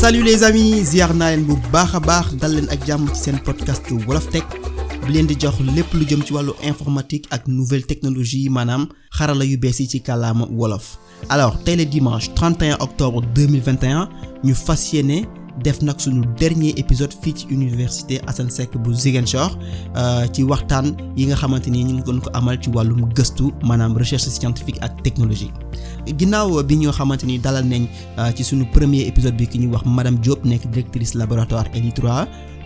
salut les amis ziar naa leen bu baax a baax dal leen ak jàmm ci seen podcast wolof tech bi leen di jox lépp lu jëm ci wàllu informatique ak nouvelle technologie maanaam xarala yu bees yi ci kàllaama wolof alors tele le dimanche 31 octobre 2021 ñu fas yéene def nag suñu dernier épisode fii ci université Assane Seck bu Ziguinchor euh, ci waxtaan yi nga xamante ni ñu ngi doon ko amal ci wàllum gëstu maanaam recherche scientifique ak technologie ginnaaw bi ñoo xamante ni dalal nañ euh, ci suñu premier épisode bi ki ñuy wax madame Diop nekk directrice laboratoire ELI3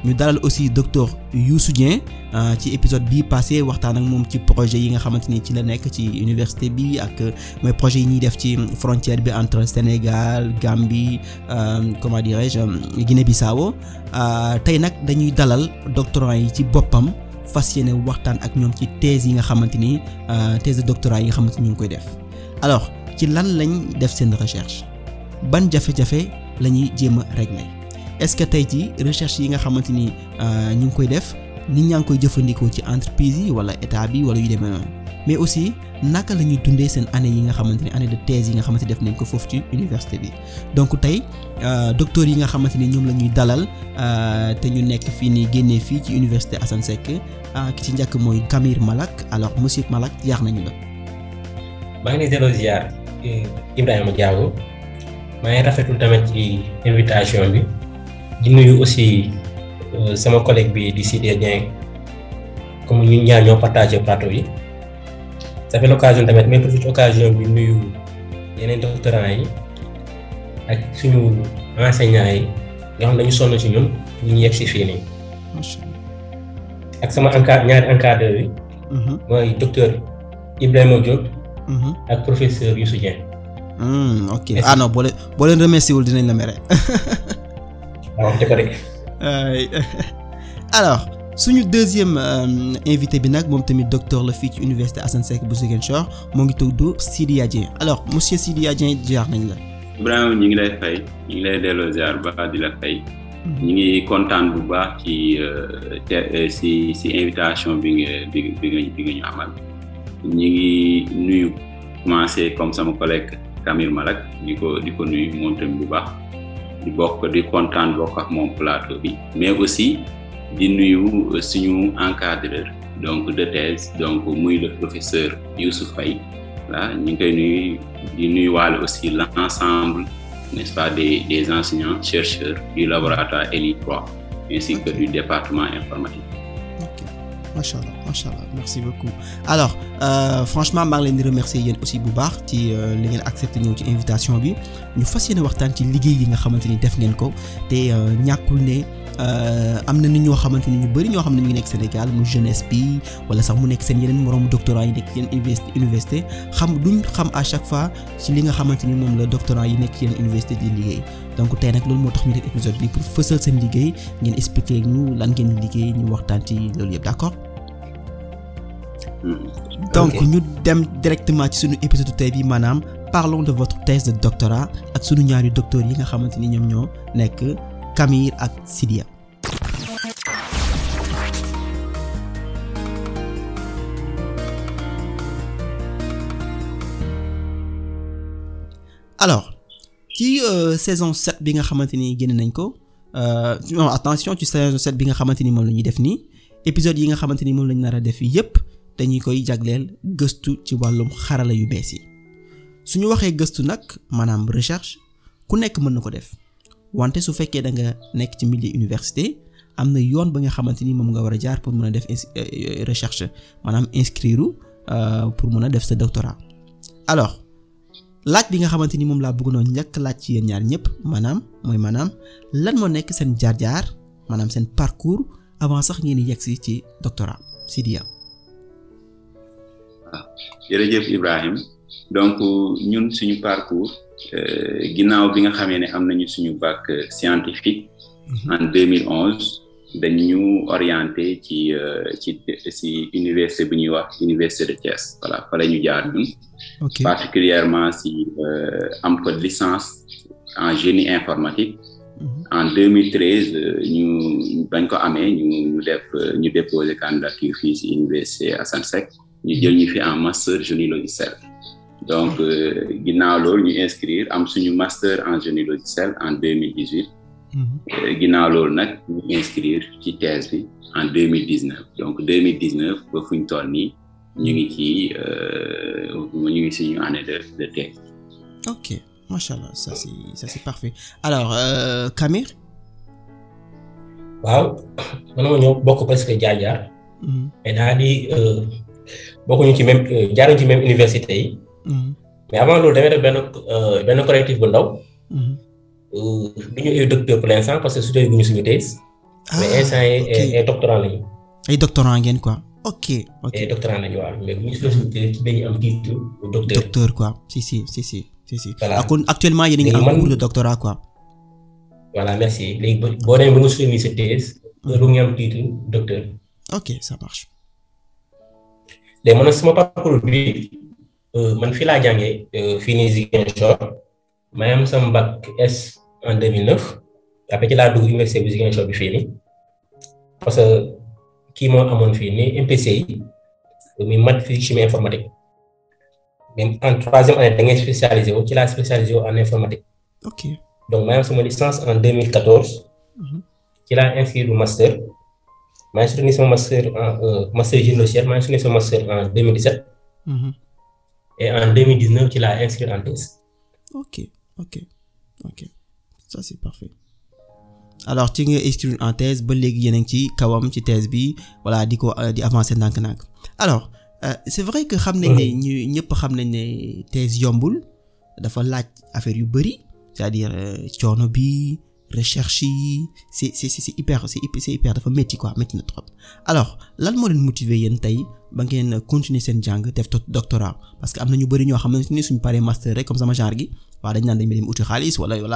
ñu dalal aussi docteur Youssou Dieng euh, ci épisode bii passé waxtaan ak moom ci projet yi nga xamante ni ci la nekk ci université bi ak euh, mooy projet yi ñuy def ci frontière bi entre Sénégal Gambie euh, comment dirais-je Guinée-Bissau tey nag dañuy dalal doctorants yi ci boppam fas yéene waxtaan ak ñoom ci thèse yi nga xamante ni thèse de doctorat yi nga xamante ni ñu ngi koy def alors ci lan lañ def seen recherche ban jafe-jafe la ñuy jéem a régler est-ce que tey ci recherche yi nga xamante ni euh, ñu ngi koy def nit ñaa ngi koy jëfandikoo ci entreprise yi wala état bi wala yu demee noonu mais aussi naka la ñuy dundee seen année yi nga xamante ni année de thèse yi nga xamante def nañ ko foofu ci université bi donc tey euh, docteurs yi nga xamante ni ñoom la ñuy dalal euh, te ñu nekk fii nii génnee fii ci université Assane Seck ah, ki ci njëkk mooy Kamir Malak alors monsieur Malak yaax nañu la. maa ngi lay delloo ziar Ibrahima Diago maa di nuyu aussi euh, sama collègue bi di Sidé Dieng comme ñun ñaar ñoo partagé plateau yi ça fait l'occasion tamit mais profite occasion bi nuyu yeneen doctorants yi ak suñu enseignants yi nga xam dañu sonn ci ñun ñu yegg si fii ak sama encadre ñaari encadreur yi. Mhm. mooy docteur Ibrahima Diop. Mhm. ak professeur Youssou Dieng. Hmm, ok ah non boo dinañ la mere. Euh, alors suñu deuxième euh, invité bi nag moom tamit docteur la fii ci université Assane Seck bu Ziguinchor moo ngi tudd Sidia Dieng alors monsieur Sidia Dieng jaar nañ la. Ibrahima ñi ngi lay fay ñu ngi lay delloo ziar ba di la fay. Mhm. ñu ngi kontaan bu baax ci ci euh, ci invitation bi nga bi nga ñu amal ñu ngi nuyu commencé comme sama collègue Kamil Malak di ko di ko nuyu moom tamit bu baax. di bokk di kontaan bokk a moom plateau bi mais aussi di nuyu euh, suñu encadreur donc de thèse donc muy le professeur Youssouf Faye voilà ñu ngi koy nuy di nuyuwaale aussi la l'ensemble n'est-ce pas des des enseignants chercheurs du laboratoire ELI 3 ainsi que du département informatique macha allah macha allah merci beaucoup alors euh, franchement maa ngi leen di remercier yéen aussi bu baax ci euh, li ngeen accepté ñëw ci invitation bi ñu fas yéene waxtaan ci liggéey yi nga xamante ni def ngeen ko te euh, ñàkkul ne. Euh, am na nit ñoo xamante ni ñu bëri ñoo xam ne ñu nekk Sénégal mu jeunesse bi wala sax mu nekk seen yeneen moromu doctorant yi nekk yenn université xam duñ xam à chaque fois ci li nga xamante ni moom la doctorant yi nekk yeneen université di liggéey donc tey nag loolu moo tax mu def épisode bi pour fësal seen liggéey ngeen expliquer ñu lan ngeen liggéey ñu waxtaan ci loolu yëpp d'accord. Hmm. donc ñu dem directement ci suñu épisode tey bi maanaam parlons de votre thèse de doctorat ak suñu ñaari docteurs yi nga xamante ni ñoom ñoo nekk. Camille ak Sidia alors ci euh, saison 7 bi nga xamante ni génn nañ ko euh, non attention ci saison 7 bi nga xamante ni moom la ñuy def nii épisode yi nga xamante ni moom lañ nar a def yépp dañuy koy jagleel gëstu ci wàllum xarala yu bees yi suñu waxee gëstu nag maanaam recherche ku nekk mën na ko def wante su fekkee da nga nekk ci milieu université am na yoon ba nga xamante ni moom nga war a jaar pour mën a def euh, euh, recherche maanaam inscrire euh, pour mun a def sa doctorat alors laaj bi nga xamante ni moom laa bëgg noonu njëkk laaj ci yéen ñaar ñëpp maanaam mooy maanaam lan moo nekk seen jaar-jaar maanaam seen parcours avant sax ngeen di yegsi ci doctorat Sidiya. waaw ah, jërëjëf Ibrahim donc ñun suñu parcours. Euh, ginnaaw bi nga xamee ne am nañu suñu bac scientifique mhm. en deux mille onze dañu orienté ci euh, ci ci université bu ñuy wax université de Thiès voilà fa ñu jaar ñun particulièrement si euh, am ko licence en génie informatique mhm. en 2013 ñu bañ ko amee ñu ñu def ñu déposé candidature fii si université Assane Seck ñu jël ñu fi en master génie logiciel donc euh, ginnaaw loolu ñu inscrire am suñu master en génie logiciel en deux mille dix mhm. euh, ginnaaw loolu nag ñu inscrire ci thèse bi en deux mille dix neuf donc deux fuñ dix neuf ñu nii ñu ngi ci euh, ñu ngi suñu année de de thèse. ok macha allah ça c'est parfait alors Kamir. waaw man ma ñëw bokk presque jaar-jaar. Mhm. mais daal di bokkuñu ci même jaaruñu ci même université yi. mais avant loolu damay def benn euh, benn correctif bu ndaw. Mm-hmm. Euh, du ñu ay docteur pour l'instant parce que sudee guñu suñu thèse. Ah, mais instant yi doctorant lañu. ay doctorant ngeen quoi. ok ok ay doctorant lañu waaw mais bu ñu suñu thèse dañuy am titre docteur. docteur a ngi en cours sa thèse. loolu Euh, man fii laa jàngee euh, fii nii Ziguinchor ma am sama bac S en 2009 après ci laa dugg université bu Ziguinchor bi fii nii parce que kii moo amoon fii nii MPCI muy maths physique chimie informatique mais en troisième année da ngay spécialisé wu ci laa spécialisé wu en informatique. ok donc ma am sama licence en 2014. Mhm. ci laa inscrit du master. maa ngi soutenir sama master en euh, master génocière maa ngi soutenir sama master en et ci laa inscrire en ok ok ok ça c'est parfait alors ci nga inscrire en thèse ba léegi yéen a ngi ci kawam ci thèse bi voilà di ko di avancer ndànk-ndànk alors euh, c'est vrai que xam nañ ne ñu ñëpp xam nañ ne thèse yombul dafa laaj affaire yu bari c'est-à-dire euh, coono bi. recherche yi c'est c'est c'est hyper c'est hyper dafa métti quoi métti na trop alors lan moo leen motiver yéen tey ba ngeen continuer seen jàng def doctorat parce que am na ñu bëri ñoo xamante ni suñ paree master rek comme sama genre gi waaw dañ naan dañ dem uti xaalis wala euh,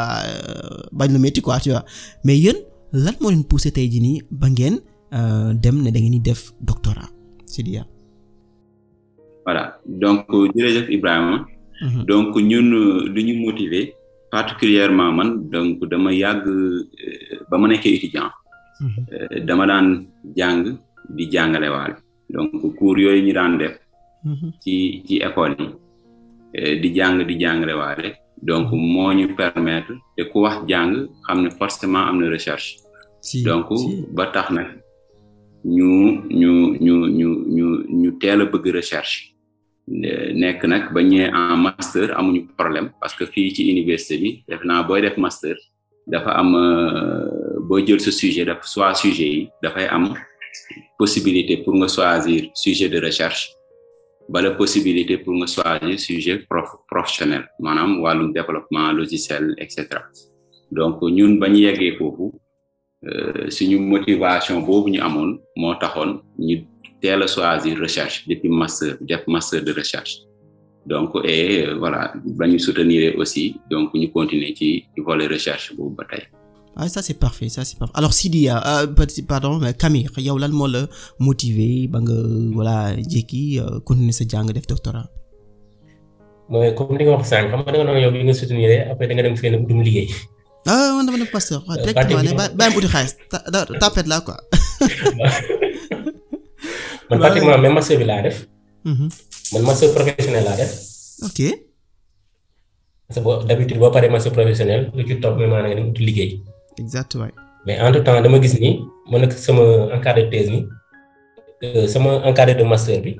euh, di def doctorat Sidia. voilà donc euh, jërëjëf mhm. donc ñun lu ñu motiver. particulièrement man donc dama yàgg euh, ba ma nekkee étudiant mhm. euh, dama daan jàng di jàngale waale donc cours yooyu ñu daan def mhm. ci ci école yi euh, di jàng di jàngale waale donc moo ñu permettre te ku wax jàng xam ne forcément am na recherche donc ba tax nag ñu ñu ñu ñu ñu ñu teel a bëgg recherche nekk nag ba ñëwee en master amuñu problème parce que fii ci université bi def naa booy def master dafa am euh, boo jël sa sujet dafa soit sujet yi dafay am possibilité pour nga choisir sujet de recherche bala possibilité pour nga choisir sujet prof professionnel maanaam wàllum développement logiciel et cetera donc ñun ba ñu yeggee foofu euh, suñu motivation boobu ñu amoon moo taxoon ñu. teel a choisir recherche depuis master def master de recherche donc et euh, voilà ba ñu soutenir aussi donc ñu continuer ci volet recherche boobu ba tey. ah ça c'est parfait ça c'est parfait alors Sidia euh, pardon Camille yow lan moo la motivé ba nga voilà jékki euh, continuer sa jàng def doctorat. mooy comme li nga wax sànq xam nga da nga doon yow bi nga soutenir après da dem fenn bu dum liggéey. ah man dama euh, ne pasteur waaw directement man pratiquement même master bi laa def. Mhm. man master professionnel laa def. ok. parce que boo d'habitude boo paree master professionnel lu ci topp maanaam nga dem uti liggéey. exactement. mais entre temps dama gis ni ma nekk sama encadré de thèse euh, sama encadré de master bi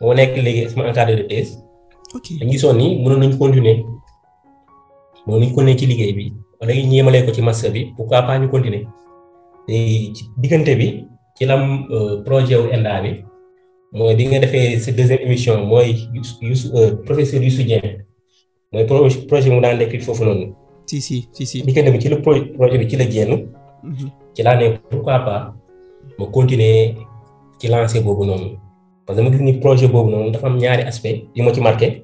moo nekk léegi sama encadré de thèse. ok dañu gisoon ni mënoon nañu continuer mënoon nañu continuer ci liggéey bi wala ñu yemalee ko ci master bi pourquoi pas ñu continuer te ci diggante bi. ci lam euh, projet wu ENDA bi mooy bi nga defee sa deuxième émission mooy Youssou euh, professeur Youssou Dieng mooy projet mu daan nekk foofu noonu. si si si si. bi nga dem ci projet bi ci la génn. Mhm. ci laa ne pourquoi pas ma continuer ci lancer boobu noonu parce que dama gis ni projet boobu noonu dafa am ñaari aspect yi ma ci marqué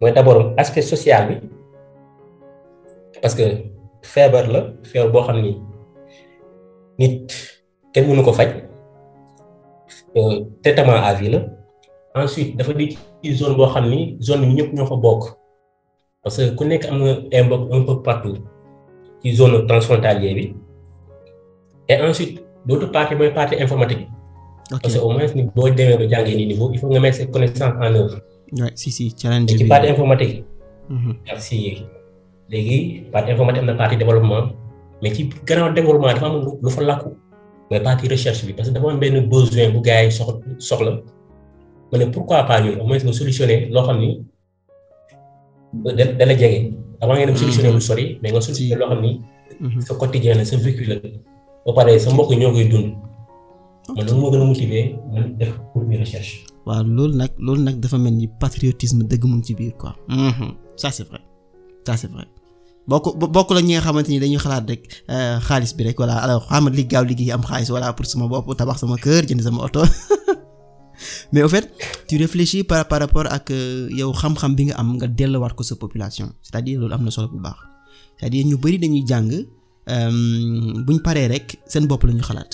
mooy d'abord aspect social bi parce que feebar la feebar boo xam ni nit. kenn mënu ko faj euh, traitement à vie la ensuite dafa di ci zone boo xam ni zone bi ñëpp ñoo fa bokk parce que ku nekk am nga imbok un peu partout ci zone bi et ensuite l'autre partie mooy partie informatique okay. parce que au moins ni boo demee ba jàngee mhm. na partie développement mais ci gannaaw développement dafa am lu fa làkku mooy partie recherche bi parce que dafa am benn besoin bu gars yi soxla soxla ma ne pourquoi pas ñun au moins nga solutionné loo xam ni da da la jege. avant nga dem solutionné mm-hmm. lu sori mais nga solutionné loo xam ni. Mm-hmm. sa quotidien la sa vécu la. ba pare sa mbokk ñoo koy dund. man loolu moo gën a motiver man def pour ñu recherche. waaw loolu nag loolu nag dafa mel ni patriotisme dëgg mu ngi ci biir quoi. Mm-hmm. ça c'est vrai ça c'est vrai. bokk bokk la ñi nga xamante ni dañuy xalaat rek euh, xaalis bi rek voilà alors xam li gaaw liggéey am xaalis voilà pour sama bopp tabax sama kër jënd sama oto mais au fait tu réfléchis par par rapport ak euh, yow xam-xam bi nga am nga delluwaat ko sa population c'est-à-dire loolu am na solo bu baax c'est-à-dire ñu bari dañuy jàng euh, buñ paree rek seen bopp la ñu xalaat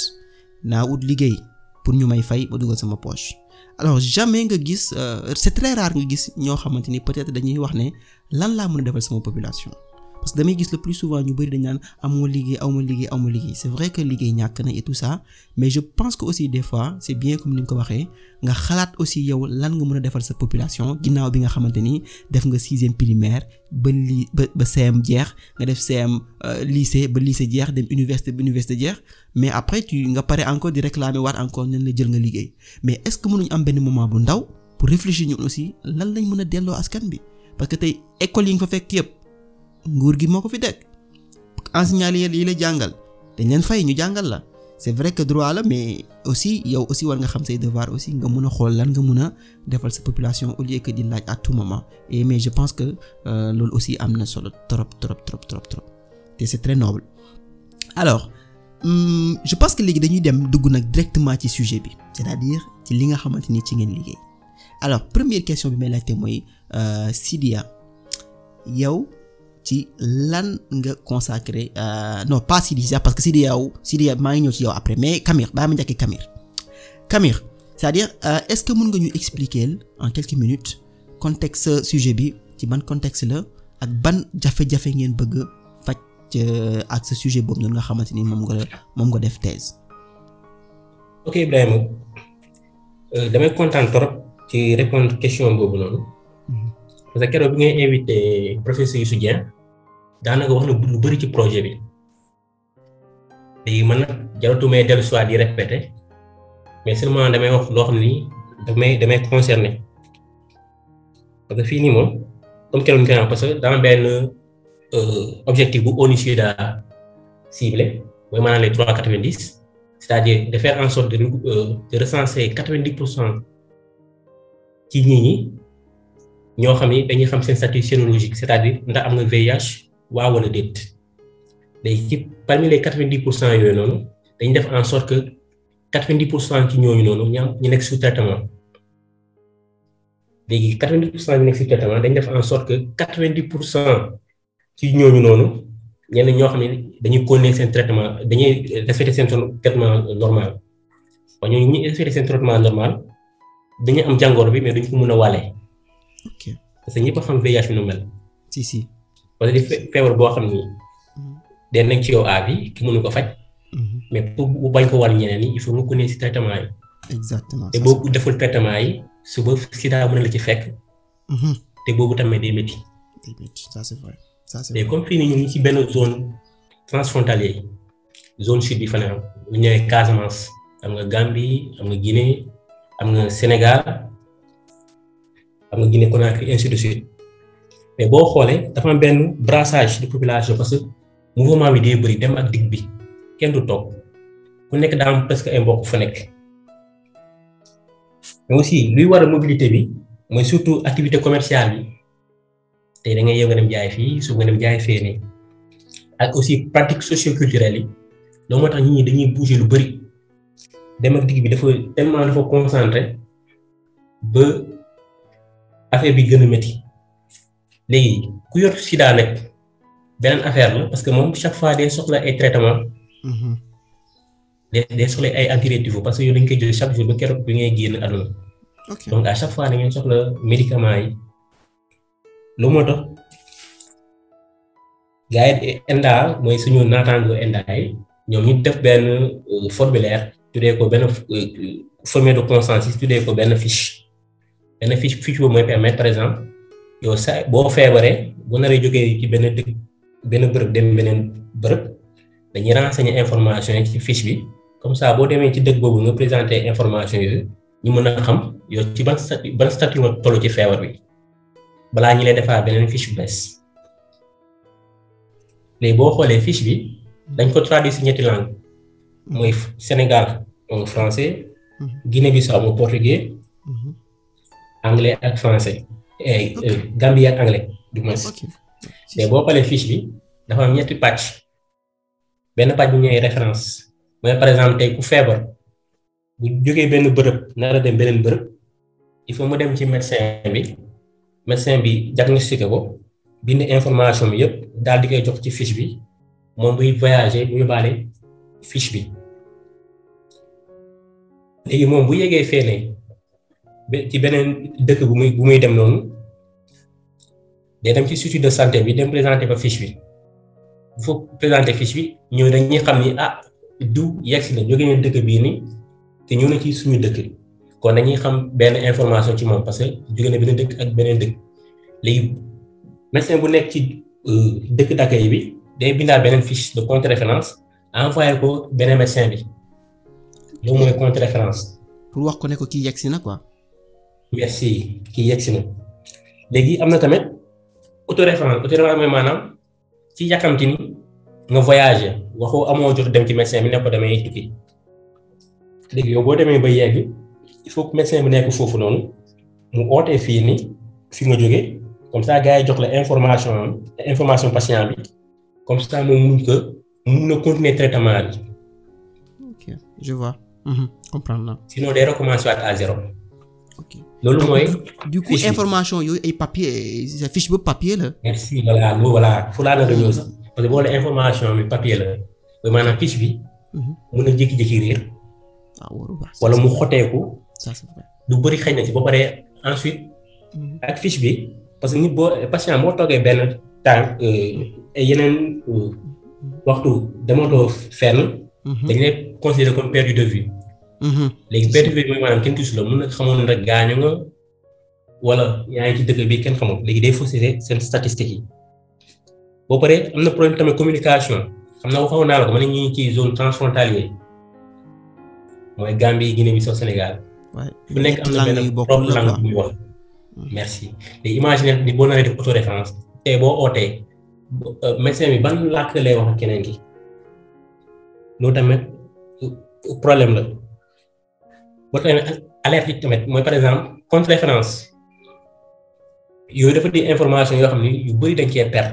naa ut liggéey pour ñu may fay ba dugal sama poche. alors jamais nga gis c'est très rare nga gis ñoo xamante ni peut-être dañuy wax ne lan laa mën defal sama population. parce que damay gis le plus souvent ñu bëri dañ naan amoo liggéey aw liggéey c'est vrai que liggéey ñàkk na et tout ça mais je pense que aussi des fois c'est bien comme ni nga ko waxee nga xalaat aussi yow lan nga mën a defal sa population ginnaaw bi nga xamante ni def nga sixième ba li ba ba CM jeex nga def CM euh, lycée ba lycée jeex dem université ba université jeex mais après tu nga pare encore di réclamer waat encore ñan la jël nga liggéey mais est-ce am benn moment bu ndaw a delloo askan bi parce que tey école nguur gi moo ko fi teg enseignants yi la jàngal dañ leen fay ñu jàngal la c'est vrai que droit la mais aussi yow aussi war nga xam say devoir aussi nga mun a xool lan nga mun a defal sa population au lieu que di laaj à tout moment et mais je pense que euh, loolu aussi am na solo trop trop trop trop trop te c'est très noble alors je pense que léegi dañuy dem dugg nag directement ci sujet bi c'est-à-dire li nga xamante ni ci ngeen liggéey alors première question bi may te mooy euh, Sidia yow ci lan nga consacré euh, non pas Sidya parce que Sidya Sidya maa ngi ñëw ci yow après mais Camille baa ma njëkkee Camille Camille cest dire euh, est-ce que mën nga ñu expliquer en quelques minutes contexte sujet bi ci ban contexte la ak ban jafe-jafe ngeen bëgg faj euh, ak sa sujet boobu noonu nga xamante ni moom nga moom nga def thèse. ok Ibrahima damay kontaan trop ci répondre question boobu noonu. Mm-hmm. parce que keroog bi ngay invité professeur Youssou Dieng daanaka wax na lu bëri ci projet bi léegi man nag jaratu may dellu soit di répéter mais seulement damay wax loo xam ni damay damay concerné parce que fii nii moom comme kenn ku parce que dama benn euh, objectif bu ONUSIDA ciblé mooy maanaam les trois quatre-vingt-dix c'est-à-dire de faire en sorte de euh, de recenser quatre-vingt-dix pour cent ci nit ñi ñoo xam ni dañuy xam seen statut sénologique c'est-à-dire ndax am nga VIH. waaw wala déet day ci parmi les quatre-vingt-dix pour cent yooyu noonu dañ def en sorte que quatre-vingt-dix pour cent ci ñooñu noonu ñu ñu nekk sous traitement léegi quatre-vingt-dix pour def en sorte que quatre-vingt-dix pour cent ci ñooñu noonu ñenn ñoo xam ne dañuy continuer seen traitement dañuy respecter seen traitement normal waaye ñooñu ñuy respecter seen traitement normal dañuy am jàngoro bi mais duñ ko mën a wàlle. ok parce que ñëpp a xam VIH nu mel. si si. wala di mm-hmm. feebar boo xam ni den nañ ci yow a bi ki mënu ko faj. Mm-hmm. mais pour bañ ko war ñeneen ñi il faut nga ko ne si traitement yi. te deful traitement suba sida la ci fekk. Mm-hmm. te boobu tamit day métti. day métti mais comme fii nii ñu ngi ci benn zone transfrontalière zone sud bi fan la ñu Casamance am nga Gambie am nga Guinée am nga Sénégal am nga Guinée Conakry ainsi mais boo xoolee dafa am benn brassage de population parce que mouvement bi day bëri dem ak digg bi kenn du toog ku nekk daa am presque ay mbokk fa nekk mais aussi luy war a mobilité bi mooy surtout activité commerciale bi tey da ngay nga dem jaay fii su nga dem jaay fee ne ak aussi pratique socioculturelle yi loolu moo tax nit ñi dañuy bouger lu bëri dem ak digg bi dafa tellement dafa concentré ba affaire bi gën a léegi ku yor sida nag beneen affaire la parce que moom chaque fois day soxla ay traitement mhm. day day soxla ay antirétroviraux parce que yow dañ koy jël chaque jour ba keroog bi ngay génn àdduna donc à chaque fois da ngeen soxla médicament yi lu moo tax gars mooy suñu naataango ENDA yi ñoom ñu def benn euh, formulaire tuddee ko benn euh, formulaire de consensus tuddee ko benn fiche benn fiche boobu mooy permettre par exemple yow sa boo feebaree bu naree jógee ci benn dëkk benn bërëb dem beneen bërëb dañuy renseigner information yi ci fiche bi comme ça boo demee ci dëkk boobu nga présenter information yooyu ñu mën a xam yow ci ban statut ban statut nga tollu ci feebar bi balaa ñi lay defaa beneen fiche bu bees léegi boo xoolee fiche bi dañ ko traduire ci ñetti langue mooy Sénégal mu français mm-hmm. Guinée-Bissau mu portugais mm-hmm. anglais ak français. Eh, eh, Gambie ak anglais du moins mais boo xoolee fiche bi dafa am ñetti pàcc benn pàcc bi ñooy référence mooy par exemple tey ku feebar bu jógee benn bërëb nar a dem beneen bërëb il faut mu dem ci médecin bi médecin bi diagnostiqué ko bind information bi yëpp daal di koy jox ci fiche bi moom buy voyager bu yóbbaale fiche bi léegi moom bu yegee fee ci beneen dëkk bu muy bu muy dem noonu day dem ci structure de santé bi dem présenter ba fiche bi bu fa présenter fiche bi ñëw dañuy xam ni ah du yegsi na jóge na dëkk bii ni te ñëw na ci suñu dëkk kon dañuy xam benn information ci moom parce que jóge na beneen dëkk ak beneen dëkk léegi médecin bu nekk ci euh, dëkk d'accueil bi day bindaal beneen fiche de compte référence envoyé ko beneen médecin bi loolu mooy compte pour wax ko ne ko kii yegsi na quoi. merci kii yegg si na léegi am na tamit autoréférence autoréférence mooy maanaam ci yàkkamti ni nga voyager waxoo amoo jot dem ci médecin bi ne ko damay tukki léegi yow boo demee ba yegg il faut que médecin bi nekk foofu noonu mu ootee fii ni fi nga jóge comme ça gars yi jox la information information patient bi comme ça moom mun ko mun na continuer traitement bi. ok je vois. Mhm, recommencer waat à loolu mooy. du coup information yooyu ay papier sa fiche ba papier la. merci voilà laa la ñëw sax parce que boo xoolee information bi papier la ba maanaam fiche mhm. ah, mu xoteeku. ça c'est lu bëri xëy na ci ba pare ensuite. Mhm. ak fiche bi parce que nit boo patient moo toogee benn temps euh, yeneen euh, waxtu dematoo fenn. Mhm. dañ lay considérer comme perdu de vue. Mhm. léegi PTP mooy maanaam kenn gisu la mun na xamoon rek gaañu nga wala yaa ci dëkk bi kenn xamul léegi day fausser seen statistiques yi boo paree am communication xam na naa la ñu ngi zone transfrontalière mooy Gambie Guinée Bissau bu nekk am na benn propre mm. merci léegi imaginer ni boo boo ootee euh, médecin bi ban làkk lay wax keneen ki loolu tamit euh, problème la. boo tamit alerte yi tamit mooy par exemple contre référence yooyu dafa di information yoo xam ni yu bëri dañ cee perte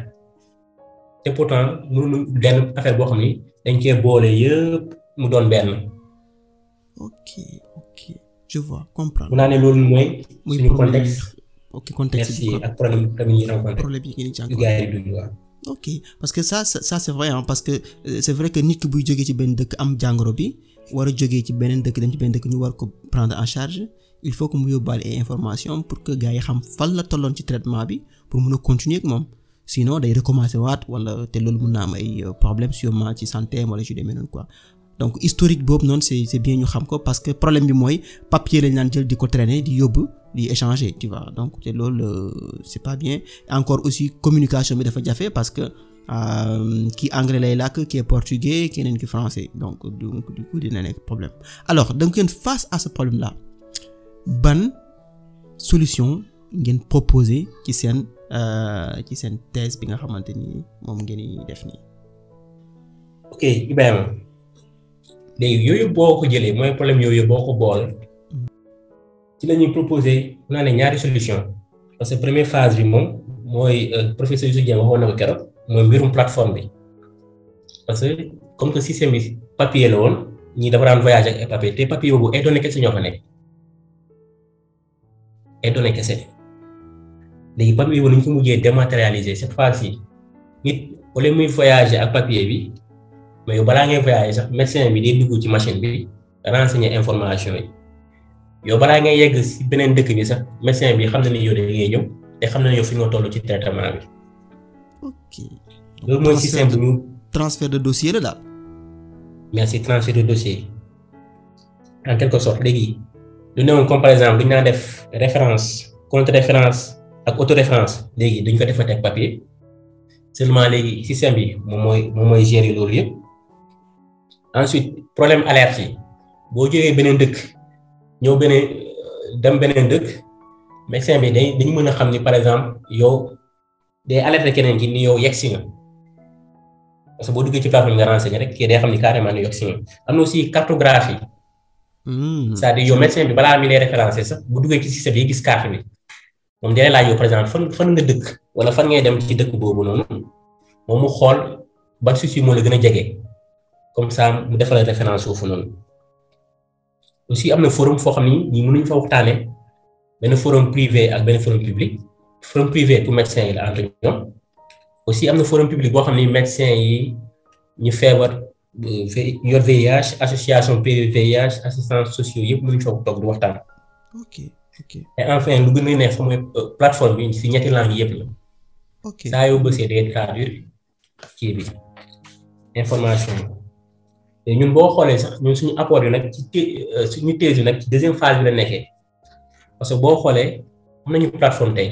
te pourtant mënuñu benn affaire boo xam ni dañ cee boole yëpp mu doon benn. ok ok je vois comprendre. ne loolu mooy. muy suñu contexte. ok contexte bi merci ak problème tamit ñuy rencontré. problème yi ngeen parce que ça ça c'est vrai parce que euh, c'est vrai que nit ki buy jógee ci benn dëkk am jàngoro bi. war a jógee ci beneen dëkk dem ci beneen dëkk ñu war ko prendre en charge il faut que mu yóbbaale information pour que gars yi xam fan la tolloon ci traitement bi pour mun a continuer moom sinon day recommencer waat wala te loolu mun naa am ay euh, problème sûrement ci santé wala ci demee noonu quoi donc historique boobu noonu c'est c'est bien ñu xam ko parce que problème bi mooy papier lañ naan jël di ko traîner di yóbbu di échanger tu vois donc te loolu euh, c'est pas encore aussi communication bi dafa jafe parce que kii euh, anglais lay làkk kii est portugais keneen ki français donc donc du coup dina nekk problème alors donc ngeen fas à ce problème là ban solution ngeen proposer ci seen euh, ci seen thèse bi nga xamante ni moom ngeen di def nii. ok Ibrahima léegi yooyu boo ko jëlee mooy problème yooyu boo ko boole mm-hmm. ci lañuy ñuy proposer naa ne ñaari solution parce que première phase bi moom mooy euh, professeur Youssou Dieng waxoon na ko keroog. mooy mbirum plateforme bi parce que comme que si bi papier la woon ñii dafa daan voyage ak ay papier te papier boobu ay données kese ñoo fa nekk ay données kese léegi papier boobu nañ ko mujjee dématérialiser cette fois-ci nit wala muy voyager ak papier bi mais yow balaa ngay voyager sax médecin bi day dugg ci machine bi renseigner information yi yow balaa ngay yegg si beneen dëkk bi sax médecin bi xam na ni yow da ngay ñëw te xam na ne yow fi nga toll ci traitement bi. ok. loolu mooy système bu ñu. transfert de dossier la daal. merci transfert de dossier en quelque sorte léegi lu ne woon comme par def référence contre référence ak auto léegi duñ ko defante ak papier seulement léegi système bi moo mooy moom mooy gérer loolu yëpp ensuite problème alerte yi boo jógee beneen dëkk ñëw beneen dem beneen dëkk médecin bi day dañu mën a xam ni par exemple yow. de alerté keneen ki ni yow yegg si nga parce que boo duggee ci plateforme nga renseigné rek kii day xam ni carrément ni yegg si nga am na aussi cartographie. cest à yow médecin sax bu duggee ci système yi gis carte bi moom day laaj yow par fan fan nga dëkk wala fan ngay dem ci dëkk boobu noonu moom mu xool ban souci moo la gën a jege comme ça mu defal référence foofu noonu. am na forum foo xam ni ñi mënuñ fa waxtaanee benn forum privé ak benn forum public. forum privé pour médecins yi la entre ñoom aussi am na forum public boo xam ne médecins yi ñu feebar euh, yor VIH association PV VIH assistance sociaux yëpp mënuñu foog toog di waxtaan. ok ok et enfin lu gën a neex mooy euh, plateforme bi si ñetti langues yëpp la. ok saa yoo bësee day traduire kii bi information bi ñun boo xoolee sax ñun suñu apport yi nag ci euh, suñu thèse yi nag ci deuxième phase bi la nekkee parce que boo xoolee am nañu plateforme tey.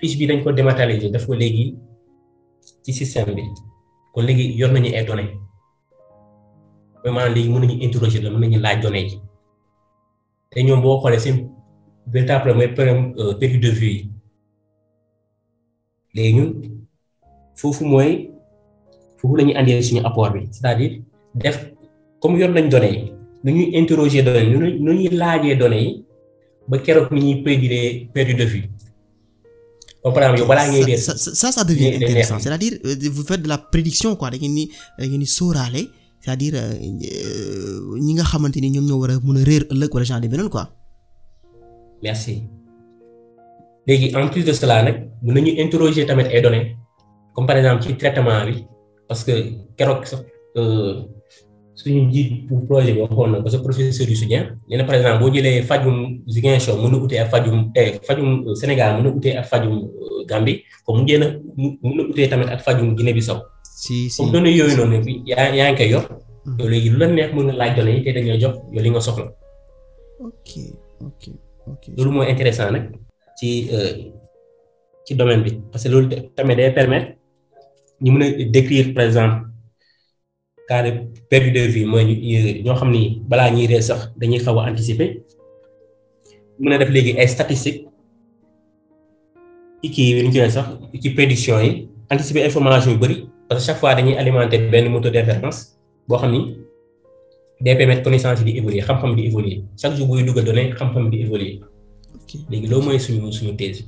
fiche bi dañ ko dématérialiser def ko léegi ci système bi kon léegi yor nañu ay données mooy maanaam léegi mën nañu interroger la mën laaj données yi te ñoom boo xoolee seen véritable mooy période euh, de vue yi léegi ñun foofu mooy foofu lañuy ñuy andi suñu apport bi c'est-à-dire def comme yor nañ données yi nu ñuy interroger données yi nu ñuy laajee données yi ba keroog ni ñuy prédire période de vue donc par c'est-à-dire vous faites de la prédiction quoi da ngeen ni ni sóoraale c'est-à-dire ñi nga xamante ni ñoom ñoo war a mun a réer ëllëg wala genre de beneen quoi. merci léegi en plus de cela nag mën nañu interroger tamit ay données comme par exemple ci traitement bi parce que keroog sax. suñu njiit pour projet bi waxoon na parce que professeur Youssou Dieng nee na par exemple boo jëlee fajum Ziguinchor mën na utee ak fajum eh, fajum euh, Sénégal mën na utee ak fajum euh, Gambie mu génn na utee tamit ak fajum Guinée Bissau si si comme données yooyu noonu fi yaa yaa ngi koy yor. yow hmm. léegi lu la neex mën na laaj données yi te dañoo jox yow li nga soxla. ok ok ok loolu mooy intéressant nag ci euh, ci domaine bi parce que loolu tamit day permettre ñu mën a décrire par exemple. cas de perte de vue mooy ñoo xam ni balaa ñuy ree sax dañuy xaw a anticiper mën na def léegi ay statistiques ci kii bi ñu koy sax ci prédiction yi anticiper information yu bëri parce que chaque fois dañuy alimenter benn moteur d'inférence boo xam ni day permettre connaissance yi di évoluer xam-xam di évoluer chaque jour buy dugg données xam-xam di évoluer léegi loolu mooy suñu suñu thèse.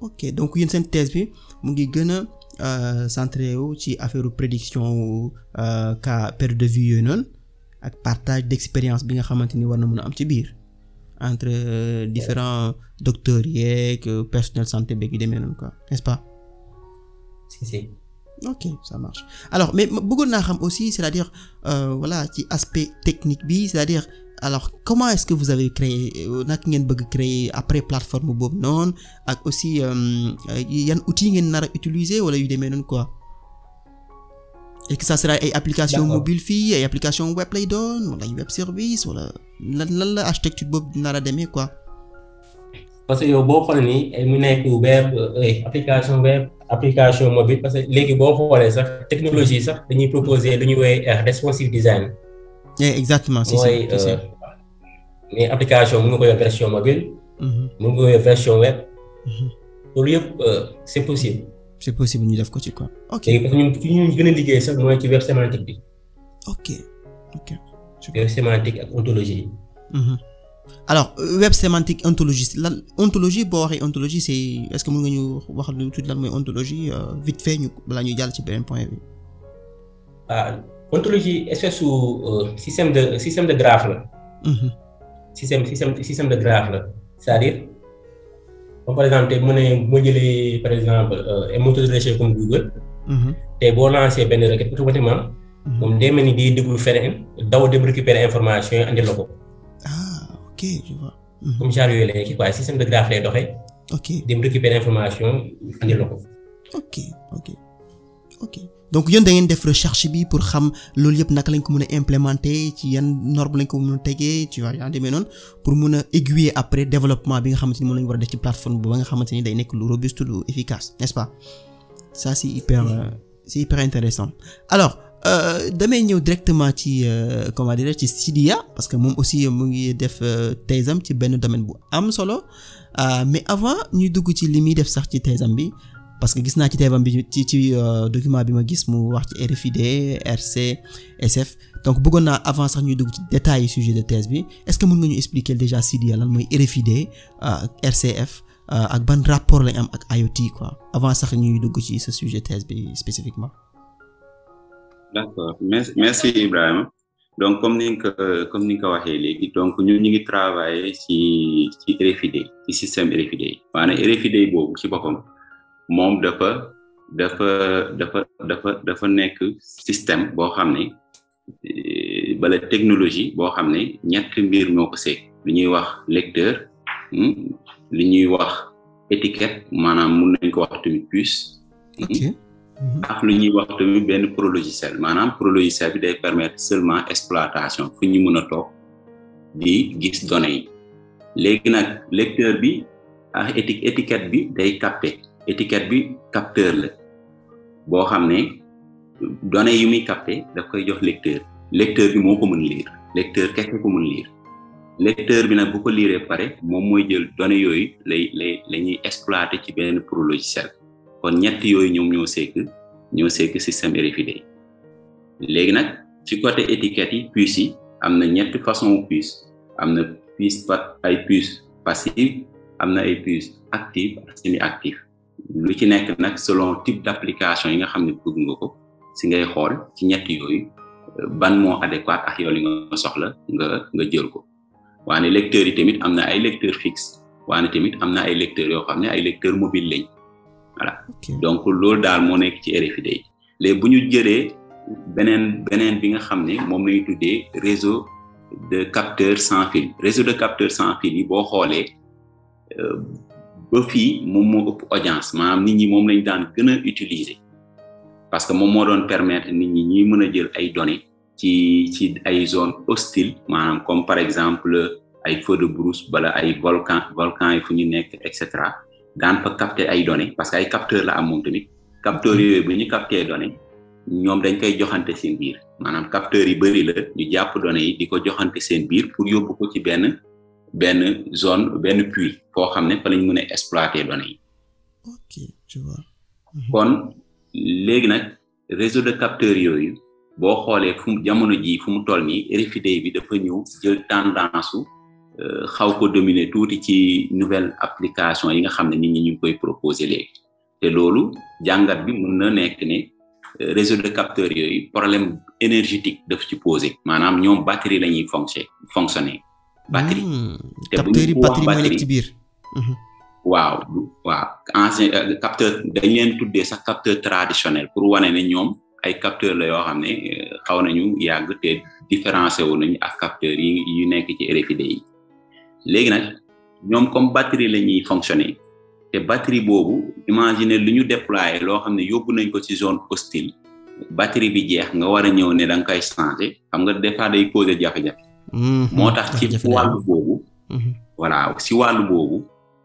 ok donc yéen seen thèse bi mu ngi gën Euh, centré ci affaire prédiction wu euh, cas perte de vue yooyu noonu ak partage d'expérience bi nga xamante ni war na mun a am ci biir entre euh, différents docteurs yeeg personnel santé beeg yu demee noonu quoi n'est-ce pas. si ok ça marche alors mais bëggoon naa xam aussi c'est-à-dire euh, voilà ci aspect technique bi c'est-à-dire. alors comment est-ce que vous avez créé euh, nag ngeen bëgg créer après plateforme boobu noonu ak aussi euh, euh, yan outils ngeen nar a utiliser wala yu demee noonu quoi et que ça sera ay fii ay application web lay doon wala ay web service wala lan lan la architecture boobu nar a demee quoi parce que yow boo xoolee nii eh, mu nekk web eh, application web application mobile parce que léegi boo xoolee sax technologie sax dañuy proposer lu ñuy woowee eh, responsive design. exactement mais application mën nga ko yor version mobile. mën mhm. nga web. Mhm. loolu yëpp euh, c'est possible. c'est possible ñu def ko ci quoi. ok léegi liggéey sax mooy ci web sémantique bi. ok ok. web sémantique ak ontologie mhm. alors web sémantique ontologie lan ontologie boo waxee ontologie c'est que mun nga ñu wax lu tuuti lan mooy ontologie euh, vite fait ñu balaa ñuy jàll ci beneen point bi. ah ontologie espèce su euh, système de système de graphe la. système système système de graphe la c'est-à-dire comme par exemple tey mu ne ma jëlee par exemple euh, un moteur de recherche comme Google. Mhm. tey boo lancé benn requête automatiquement. Mhm. moom day ni day déglu feneen daw dem récupérer information yi andi la ah, mhm. comme genre yooyu la nekk quoi système de graphe lay doxee. ok dem récupérer information andi la donc yoon da ngeen def recherche bi pour xam loolu yëpp naka lañ ko mën a implémenter ci yan norme lañ ko mën a tegee tu vois yaa demee noonu pour mën a aiguiller après développement bi nga xamante ni moom lañ war a def ci plateforme bu ba nga xamante ni day nekk lu robuste lu efficace n'est-ce pas ça c'est hyper euh, c'est euh, ñëw directement ci euh, comment dire ci Cydia parce que moom aussi mu ngi def thèse am ci benn domaine bu am solo mais avant ñuy dugg ci li muy def sax ci thèse bi parce que gis naa ci teebam bi ci ci euh, document bi ma gis mu wax ci RFID SF donc bëggoon naa avant sax ñuy dugg ci détails sujet de thèse bi est-ce que mun nga ñu expliquer déjà Sidia lan mooy RFID euh, RCF euh, ak ban rapport lañ am ak IoT quoi avant sax ñuy dugg ci ce sujet thèse bi spécifiquement. d'accord merci merci Ibrahima. donc comme ni nga comme ni nga ko waxee léegi donc ñun ñu ngi travailler ci ci RFID ci système RFID maanaam RFID boobu ci boppam. moom dafa dafa dafa dafa dafa nekk système boo xam ne eh, bala technologie boo xam ne ñett mbir ñoo ko seeg li ñuy wax lecteur hmm, li ñuy wax étiquette maanaam mun nañ ko wax tamit puce ndax hmm. mhm. lu ñuy wax tamit benn prologiciel maanaam prologiciel bi day permettre seulement exploitation fu ñu mën a toog di gis données yi léegi nag lecteur bi ak étiquette bi day capté étiquette bi capteur la boo xam ne données yi muy capté daf koy jox lecteur lecteur bi moo ko mën lire lecteur kese ko mën lire lecteur bi nag bu ko liiree pare moom mooy jël données yooyu lay lay la ñuy exploité ci beneen pro logiciel kon ñett yooyu ñoom ñoo sekk ñoo sekk système RFID yi léegi nag ci côté étiquette yi puces yi am na ñetti façon puce am na puce pat ay puce passive am na ay puce active ak semi lu ci nekk nag selon type d'application yi nga xam ne bëgg nga ko si ngay xool ci ñett euh, ban moo adéquat ak yow li soxla nga nga jël ko waane lecteurs yi tamit am na ay lecteurs fixes waane tamit am na ay lecteurs yoo xam ne ay lecteurs mobiles lañ voilà donc loolu daal moo nekk ci RFID yi léegi bu ñu jëlee beneen beneen bi nga xam ne moom lañu tuddee réseau de capteurs sans fil réseau de capteurs sans fil yi boo xoolee euh, ba fii moom moo ëpp audience maanaam nit ñi moom lañ daan gën a utiliser parce que moom moo doon permettre nit ñi ñuy mën a jël ay données ci ci ay zone hostile maanaam comme par exemple ay feu de brousse bala ay volcan volcan yi fu ñu nekk et cetera daan fa capter ay données parce que ay capteur la am moom tamit capteurs yooyu bu ñu capter données ñoom dañ koy joxante seen biir maanaam capteurs yi bëri la ñu jàpp données yi di ko joxante seen biir pour yóbbu ko ci benn benn zone benn puits foo xam ne fa lañ mën a exploiter données yi. ok mhm. kon léegi nag réseau de capteurs yooyu boo xoolee fu jamono jii fu mu tol nii RFID bi dafa ñëw jël tendance su euh, xaw ko dominer tuuti ci nouvelle application yi nga xam ne nit ñi ñu ngi koy proposer léegi te loolu jàngat bi mën na nekk ne. Euh, réseau de capteurs yooyu problème énergétique daf ci posé maanaam ñoom batterie la ñuy fonctionner fonctionner batterie. Hmm. te mhm. eh, capteur yi batterie moo nekk ci biir. waaw waaw ancien capteur dañ leen tuddee sax capteur traditionnel pour wane ne ñoom ay capteur la yoo xam ne eh, xaw nañu yàgg te différencié wu nañu ak capteurs yi yu nekk ci RFID yi léegi nag ñoom comme batterie la ñuy fonctionner te batterie boobu imaginer lu ñu déployer loo xam ne yóbbu nañ ko ci zone hostile batterie bi jeex nga war a ñëw ne da nga koy xam nga des fois day causer jafe-jafe Mm-hmm. moo tax ci wàllu boobu mm-hmm. voilà si wàllu boobu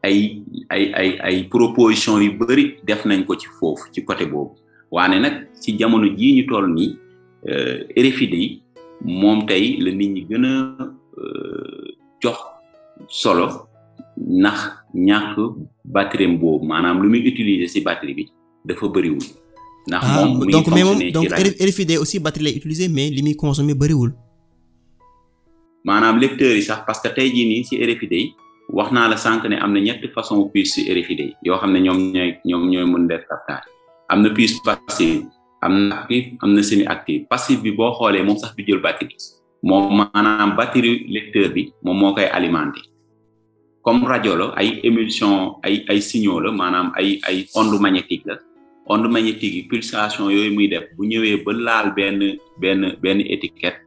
ay ay ay ay proposition yu bëri def nañ ko ci foofu ci côté boobu waane nag ci jamono jii ñu toll nii euh, yi moom tey la nit ñi gën a euh, jox solo ndax ñàkk batterie boobu maanaam lu muy utiliser si batterie bi dafa bëriwul. ndax ah, moom muy donc mais moom donc aussi batterie lay utiliser mais li muy consommer bëriwul. maanaam lecteurs yi sax parce que tey jii nii si RFID yi wax naa la sànq ne am na ñetti façon puce si RFID yi yoo xam ne ñoom ñooy ñoom ñooy mën def captage am na puce passive am na active am na semi active passive bi boo xoolee moom sax du jël batterie moom maanaam batterie lecteur bi moom moo koy alimenté comme rajo la ay émulsion ay ay signaux la maanaam ay ay onde magnétique la onde magnétique yi pulsation yooyu muy def bu ñëwee ba laal benn benn benn étiquette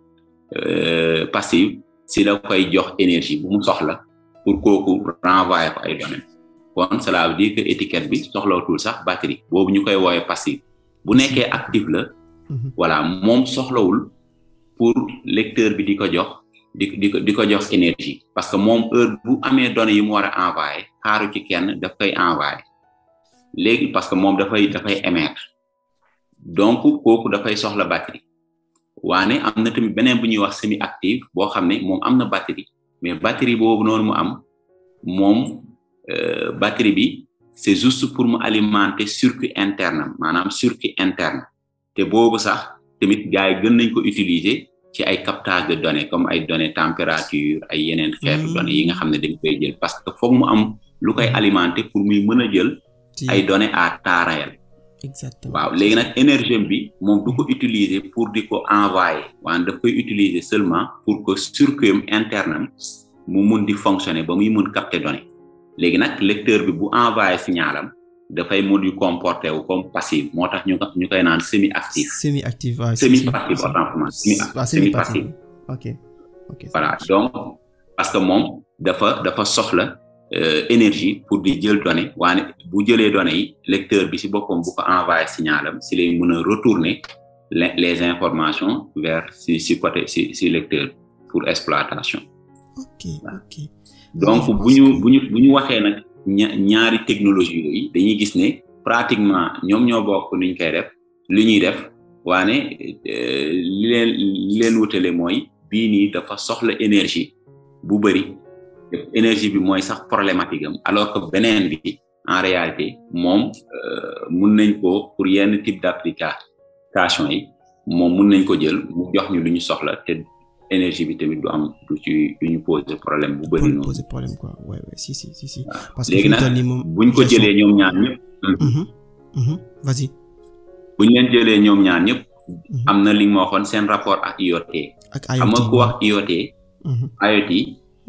Euh, passive si la koy jox énergie bu mu soxla pour kooku renvoyer ko ay kon cela dire que étiquette bi soxlawtul sax batterie boobu ñu koy woowe passive bu nekkee active la mhm. voilà moom soxlawul pour lecteur bi di ko jox di di di ko jox énergie parce que moom heure bu amee données yi mu war a envoyer xaaru ci kenn daf koy envoyer léegi parce que moom dafay dafay émettre donc kooku dafay soxla batterie waane am na tamit beneen bu ñuy wax semi active boo xam ne moom am na batterie mais batterie boobu noonu mu am moom euh, batterie bi c'est juste pour mu alimenter circuit interne maanaam circuit interne te boobu sax tamit gars yi gën nañ ko utiliser ci ay captage de données comme ay données température a yenen xeetu hmm. données yi nga xam ne dañ koy jël parce que foog mu am lu koy alimenter pour muy mën a jël ay données à temps exactement waaw léegi nag énergie bi moom du ko utiliser pour di ko envoyer waaye daf koy utiliser seulement pour que circuit interne mu mun di fonctionner ba muy mun capter données léegi nag lecteur bi bu envoyer signalam dafay mun di comporter wu comme passive moo tax ñu ñu koy naan semi actif. semi actif waaw semi passive autant semi passive ah, ok ok donc parce que moom dafa dafa soxla. Euh, énergie pour di jël données waane bu jëlee données yi lecteur bi si boppam bu ko envoyé signalam si lay mën a retourner les informations vers si si si si lecteur pour exploitation. donc bu ñu bu ñu waxee nag ñaari technologie yooyu dañuy gis ne pratiquement ñoom ñoo bokk ni ñu koy def li ñuy def waane euh, li leen li wutale mooy bii nii dafa soxla énergie bu bëri. énergie bi mooy sax problématique am alors que beneen bi en réalité moom euh, mun nañ ko pour yenn type d'application yi moom mun nañ ko jël mu jox ñu lu ñu soxla te énergie bi tamit du am du ci du ñu problème bu bëri noonu. poser problème quoi ouais ouais si si si si. parce buñ ko jëlee ñoom ñaar ñëpp. Mhm, mhm. vas-y. buñ leen jëlee ñoom ñaan ñëpp. Mhm. am na li nga waxoon seen rapport ak IoT. ak IoT xam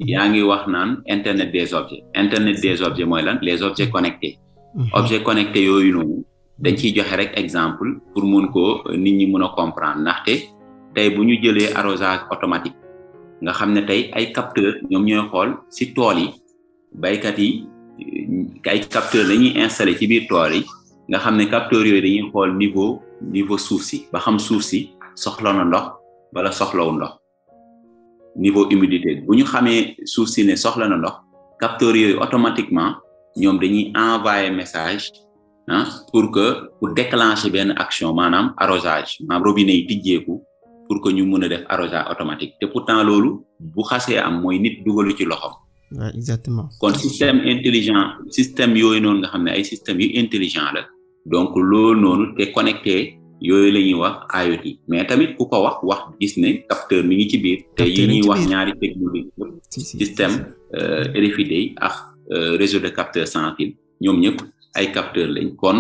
yaa ngi wax naan internet des objets internet des objets mooy lan les objets mm-hmm. connectés mm-hmm. objets connectés yooyu noonu dañ ciy joxe rek exemple pour mun ko euh, nit ñi mun a comprendre ndaxte tey bu ñu jëlee arrosage automatique nga xam ne tey ay capteur ñoom ñooy xool si tool yi baykat yi euh, ay capteur la ñuy installé ci biir tool yi nga xam ne capteurs yooyu dañuy xool niveau niveau suuf si ba xam suuf si soxla na ndox wala soxlawul ndox niveau humidité bu ñu xamee suuf si ne soxla na ndox capteurs yooyu automatiquement ñoom dañuy envoyer message ah pour que pour déclencher benn action maanaam arrosage maanaam robinet pour que ñu mën a def arrosage automatique te pourtant loolu bu xasee am mooy nit dugalu ci loxom waaw exactement kon système intelligent système yooyu noonu nga xam ne ay systèmes yu intelligent la donc loolu noonu te connecté yooyu la ñuy wax IoT e mais tamit ku ko wax wax gis ne capteur mi ngi ci biir te yi ñuy wax ñaari technologie système euh, RFID ak euh, réseau de capteurs sans fil ñoom ñëpp ay capteurs lañ kon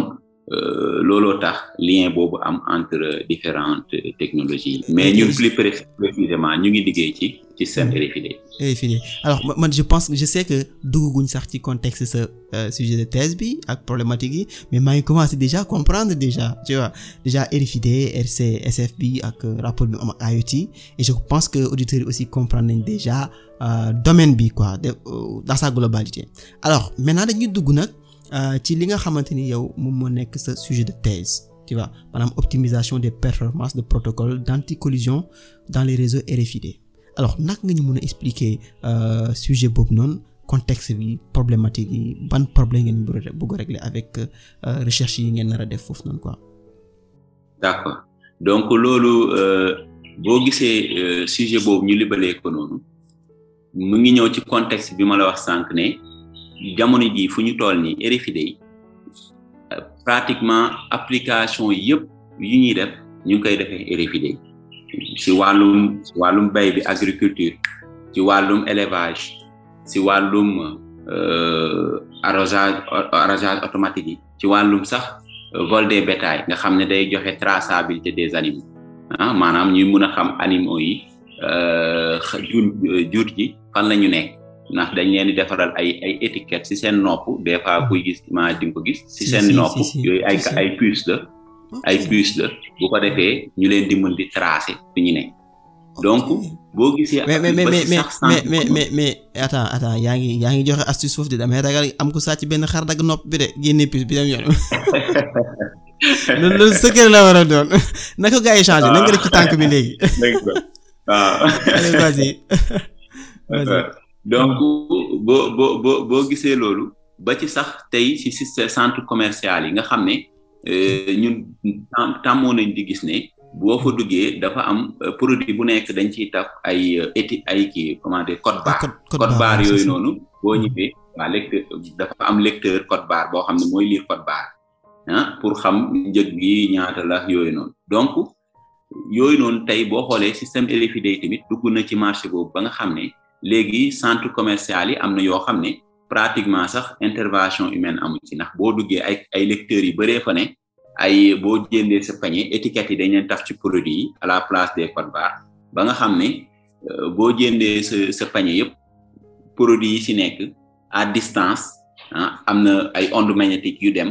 euh, looloo tax lien boobu am entre différentes technologies mais ñun plus précisément ñu ngi liggéey ci ci seen mm. RFID. RFID alors man je pense je sais que dugguñ sax ci contexte sa euh, sujet de thèse bi ak problématique yi mais maa ngi commencé déjà comprendre déjà tu vois déjà RFID RC SF bi que auditeurs yi aussi comprendre nañ déjà euh, domaine bi quoi euh, dans sa globalité alors maintenant dañuy dugg nag ci li nga xamante ni yow moom moo nekk sa sujet de thèse. tu vois maanaam optimisation des performances de protocole danti dans les réseaux alors naka nga ñu mën a expliquer euh, sujet boobu noonu contexte bi problématique yi ban problème ngeen bëgg a régler avec euh, euh, recherche yi ngeen nar a def foofu noonu quoi. d'accord donc loolu boo gisee sujet boobu ñu libalee ko noonu mu ngi ñëw ci contexte bi ma la wax sànq ne jamono ji fu ñu tool nii RFI day pratiquement application yëpp yu ñuy def ñu ngi koy defee RFI si wàllum ci wàllum bay bi agriculture ci wàllum élevage si wàllum euh, arrosage arrosage automatique yi ci wàllum sax euh, vol des bétail nga xam ne day joxe traçabilité des animaux ah maanaam ñuy mën a xam animaux yi euh, jur jur ji fan la ñu nekk ndax dañ leen di defaral ay ay étiquettes ci seen nopp des fois kuy gis image di ko gis. si seen nopp yooyu ay ay puces la. ay puces la bu ko defee ñu leen di mën di tracer fi ñu ne. donc boo gisee. mais mais mais mais mais yaa ngi yaa ngi joxe astuce foofu de damay ragal am ko sàcc benn xar dagg nopp bi de génne puce bi dem yoon. la war a doon naka gaa yi na ah. tànk bi léegi. Ah. Euh, donc boo boo boo gisee loolu ba ci sax tey ci centre commercial yi nga xam ne. Eh, ñun tàmmoo nañ di gis ne boo fa duggee dafa am eh, produit bu nekk dañ ciy taf ay éti eh, ay kii comment dire code barre ah, code barre yooyu noonu boo hmm. ñëwee waa lecteur dafa am lecteur code barre boo xam ne mooy lire code barre ah pour xam njëg gi ñaata la yooyu noonu donc yooyu noonu tey boo xoolee système RFID yi tamit dugg na ci marché boobu ba nga xam ne léegi centre commercial yi am na yoo xam ne pratiquement sax intervention humaine amu ci nax boo duggee ay ay lecteurs yu bëree fa ne ay boo jëndee sa panier étiquette yi dañ leen taf ci produit yi à la place des codes barres ba nga xam ne euh, boo jëndee sa sa panier yëpp produit yi si nekk à distance ah, am na ay ondes magnétiques yu dem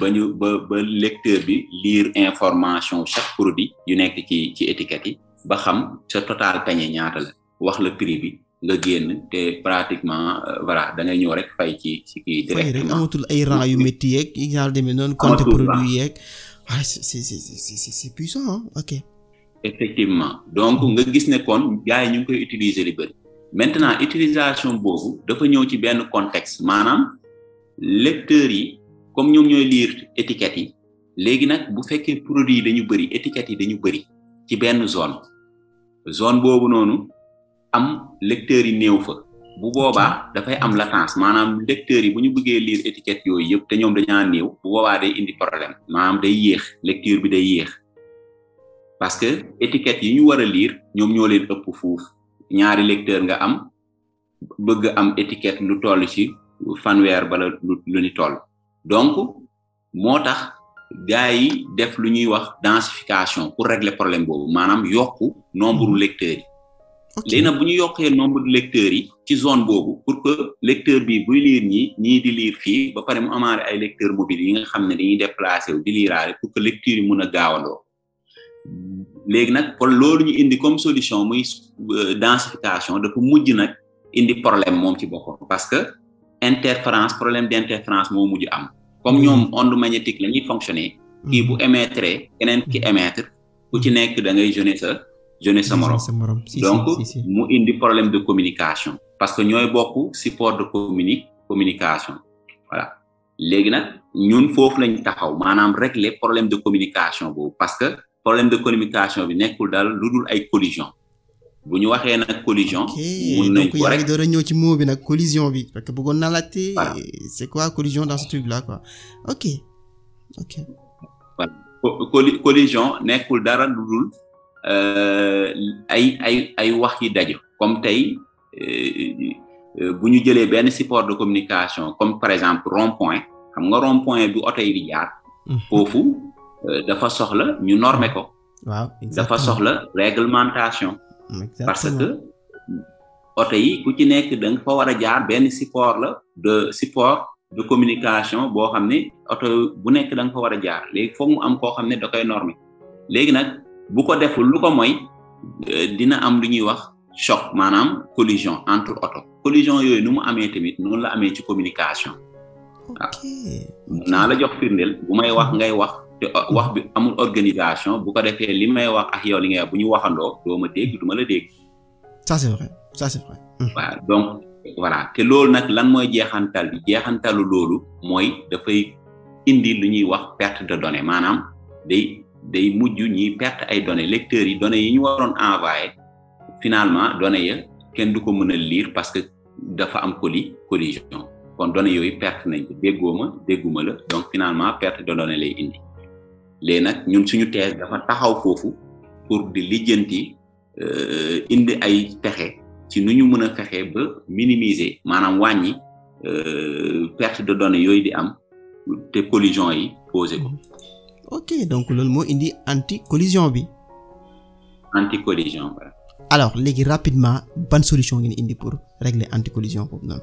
ba ñu ba ba lecteur bi lire information chaque produit yu nekk ci ci étiquette yi ba xam sa total panier ñaata la wax la prix bi nga génn te pratiquement euh, voilà da ngay ñëw rek fay ci ci kii. directement amatul ay rang yu métti yeeg yi nga demee noonu. compte produit yeeg waaye c'est c'est c'est effectivement donc nga gis ne kon gars yi ñu ngi koy utiliser li bëri maintenant utilisation boobu dafa ñëw ci benn contexte maanaam lecteurs yi comme ñoom ñooy liir étiquettes yi léegi nag bu fekkee produit yi dañu bëri étiquettes yi dañu bëri ci benn zone zone boobu noonu. am lecteurs yi néew fa bu boobaa dafay am latence maanaam lecteurs yi bu ñu bëggee lire étiquette yooyu yëpp te ñoom dañaa néew bu boobaa day indi problème maanaam day yéex lecture bi day yéex parce que étiquette yi ñu war a lire ñoom ñoo leen ëpp fuuf ñaari lecteur nga am bëgg am étiquette lu toll ci fanweer bala lu ni toll donc moo tax gars yi def lu ñuy wax densification pour régler problème boobu maanaam yokku nombre hmm. lecteurs léegi nag bu ñu yokkee nombre de lecteurs yi ci zone boobu pour que lecteur bii buy liir ñii ñii di liir fii ba pare mu amaari ay lecteurs mobile yi nga xam ne dañuy déplacé wu di liiraale pour que lecteurs yi mun a gaawandoo léegi nag kon loolu ñu indi comme solution muy euh, densification dafa mujj nag indi problème moom ci boppam parce que interférence problème d'interférence moo mujj am comme ñoom mm-hmm. onde magnétique la ñuy fonctionner kii mm-hmm. bu émettre keneen ki mm-hmm. émettre ku ci nekk da ngay jeuner sa jeunesse sa morom donc mu indi problème de communication parce que ñooy bokk support de communi communication voilà léegi nag ñun foofu lañ taxaw maanaam régler problème de communication boobu parce que problème de communication bi nekkul daal lu dul ay collision bu ñu waxee nag collision. mun nañ ko rek donc yaa door a ñëw ci mot bi nag collision bi. parce que bëggoon naa laajte. voilà c'est quoi collision dans ce truc là quoi ok ok. collision nekkul dara lu dul Euh, ay ay ay wax yi daj comme tey euh, euh, bu ñu jëlee benn support de communication comme par exemple rond xam nga rond-point bi oto yi jaar mhm. foofu dafa soxla ñu normer ko waaw dafa soxla réglementation parce que oto yi ku ci nekk da nga fa war a jaar benn support la de support de communication boo xam ne oto bu nekk dang nga fa war a jaar léegi foog mu am koo xam ne da koy normé léegi nag bu ko deful lu ko mooy euh, dina am lu ñuy wax choc maanaam collision entre oto collision yooyu nu mu amee tamit noonu la amee ci communication waaw ah. naa la jox firndeel bu may wax ngay wax te euh, hmm. wax bi amul organisation bu ko defee li may wax ak yow li ngay wax bu ñu waxandoo doo ma dégg du ma la dégg ça c'est vrai ça c'est vrai hmm. voilà donc voilà te loolu nag lan mooy jeexantal bi jeexantalu loolu mooy dafay indi lu ñuy wax perte de données maanaam day day mujj ñiy perte ay données lecteurs yi données yi ñu waroon envoyé finalement données ya kenn du ko mën a lire parce que dafa am colli collision kon données yooyu perte nañ ko ma dégguma la donc finalement perte de données lay indi léegi nag ñun suñu thèse dafa taxaw foofu pour di lijjanti euh, indi ay pexe ci nu ñu mën a fexe ba minimiser maanaam wàññi euh, perte de données yooyu di am te collision yi posé ko ok donc loolu moo indi anti collision bi. anti collision voilà. alors léegi rapidement ban solution ngeen indi pour régler anti collision boobu noonu.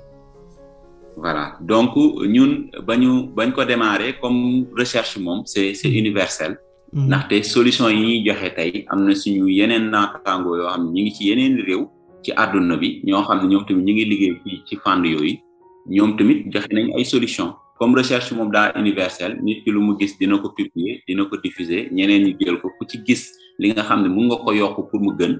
voilà donc ñun bañu bañ ko démarrer comme recherche moom c'est c'est mm-hmm. universel. Mm-hmm. ndaxte solution yi ñuy joxe tey am na suñu yeneen naataangoo yoo xam ne ñu ngi ci yeneen réew ci àdduna bi ñoo xam ne ñoom tamit ñu ngi liggéey ci fànn yooyu ñoom tamit joxe nañ ay solution comme recherche moom daal universelle nit ki lu mu gis dina ko publier dina ko diffuser ñeneen ñi jël ko ku ci gis li nga xam ne mun nga ko yokk pour mu gën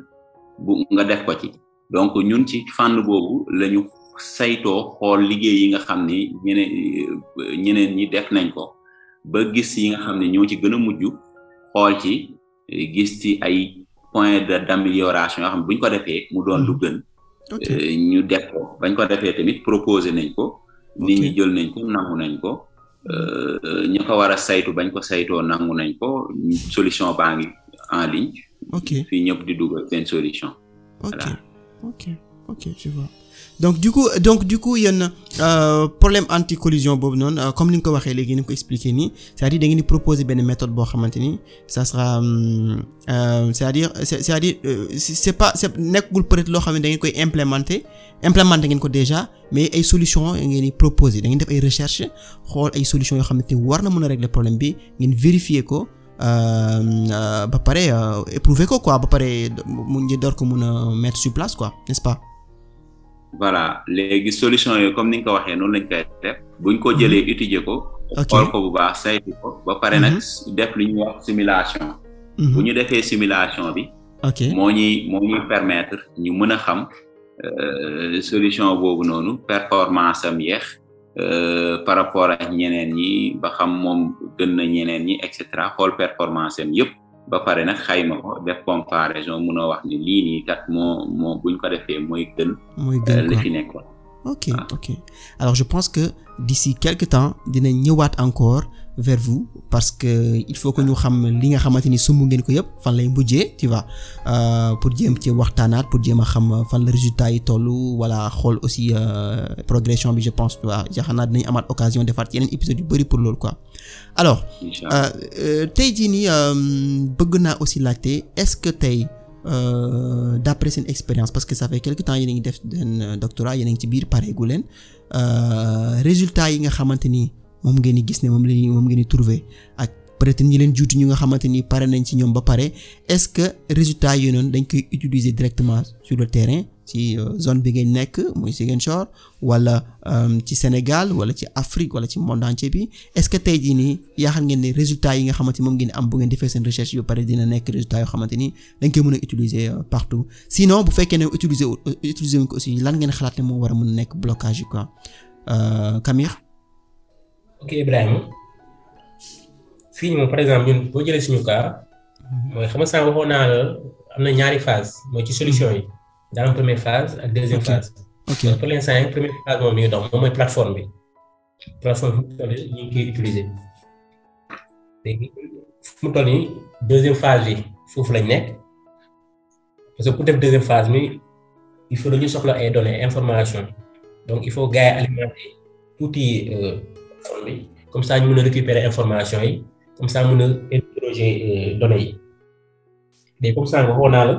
bu nga def ko ci donc ñun ci fànn boobu lañu sayto xool liggéey yi nga xam ni ñeneen ñeneen ñi def nañ ko ba gis yi nga xam ne ñoo ci gën a mujj xool ci gis ci ay point d'amélioration yoo xam ne buñ ko defee mu doon lu hmm. gën euh, ñu def ko bañ ko defee tamit proposé nañ ko nit ñi jël nañ ko nangu nañ ko euh, ñi ko war a saytu bañ ko saytoo nangu nañ ko solution baa ngi en ligne. ok fii ñëpp di dugal seen solution. ok voilà. ok ok je donc du ko donc du coup yéen euh, problème anti collision boobu noonu euh, comme ni nga ko waxee léegi ni ko expliqué nii c'est-à-dire da ngeen di proposer benn méthode boo xamante ni ça sera c'est-à-dire euh, c'est-à-dire c'est pas nekkul peut loo xam ne da ngeen koy implémenter implémenter ngeen ko déjà mais ay solution ngeen di proposer da def ay recherche xool ay solution yoo xamante ni war na mën a régler problème bi ngeen vérifier ko. ba pare éprouver ko quoi ba pare mu ngi ko mën a mettre place quoi nest voilà léegi solution yooyu comme ni nga ko waxee noonu lañ koy def buñ ko jëlee mhm. étudier ko. xool ko bu baax saytu ko ba pare nag mhm. def lu ñuy wax simulation. Mhm. bu ñu defee simulation bi. moo ñuy moo permettre ñu mën a xam euh, solution boobu noonu performance am yeex euh, par rapport ak ñeneen ñi ba xam moom gën na ñeneen ñi et cetera xool performance am yëpp. ba pare nag xayma ko def comparaison munoo wax ni lii kat moo moo buñ ko defee mooy gën. mooy gën euh, li fi nekkoon. ok ok alors je pense que d'ici quelque temps dina ñëwaat encore. vers vous parce que il faut que ñu xam li nga xamante ni sumb ngeen ko yëpp fan lay mujjee tu vois euh, pour jéem ci waxtaanaat pour jéem a xam fan la résultat yi toll wala xool aussi euh, progression bi je pense tu vois yaakaar naa dinañ amaat occasion defaat yeneen épisodes yu bëri pour loolu quoi. alors euh, tey jii nii bëgg naa aussi laajte est-ce que tey d'après seen expérience parce que ça fait quelque temps yéen a ngi def seen doctorat yéen a ngi ci biir pareegu leen résultat yi nga xamante ni. moom ngeen di gis ne moom la ñuy moom ngeen di trouver ak peut-être ñi leen juuti ñu nga xamante ni pare nañ ci ñoom ba pare est-ce que résultat yooyu noonu dañ koy utiliser directement sur le terrain ci euh, zone bi ngeen nekk muy Ziguinchor wala euh, ci Sénégal wala ci Afrique wala ci monde entier bi est-ce que tey jii nii yaakaar ngeen ne résultats yi nga moom ngeen am bu ngeen defee seen recherche yu pare dina nekk résultats yoo xamante ni dañ koy mën a utiliser euh, partout sinon bu fekkee ne utiliser utiliser wuñ ko aussi lan ngeen xalaat ne moo war a mën nekk blocage yi quoi ok Ibrahima fii nii moom par exemple ñun boo jëlee suñu cas mhm. mooy xam nga sànq am na ñaari phase mooy ci solution yi mhm. daa am première phase ak deuxième phase. ok donc pour l'instant yi première phase moom mi ngi dox moom mooy plateforme bi plateforme bi ñu koy utiliser fu mu toll nii deuxième phase yi foofu lañ nekk parce que pour def deuxième phase mi il faut dañu soxla ay données information donc il faut gars alimenter tuuti. Euh, forme bi comme ça ñu mën a récupérer information yi comme ça mën a interroger euh, données yi comme ça waxoon naa la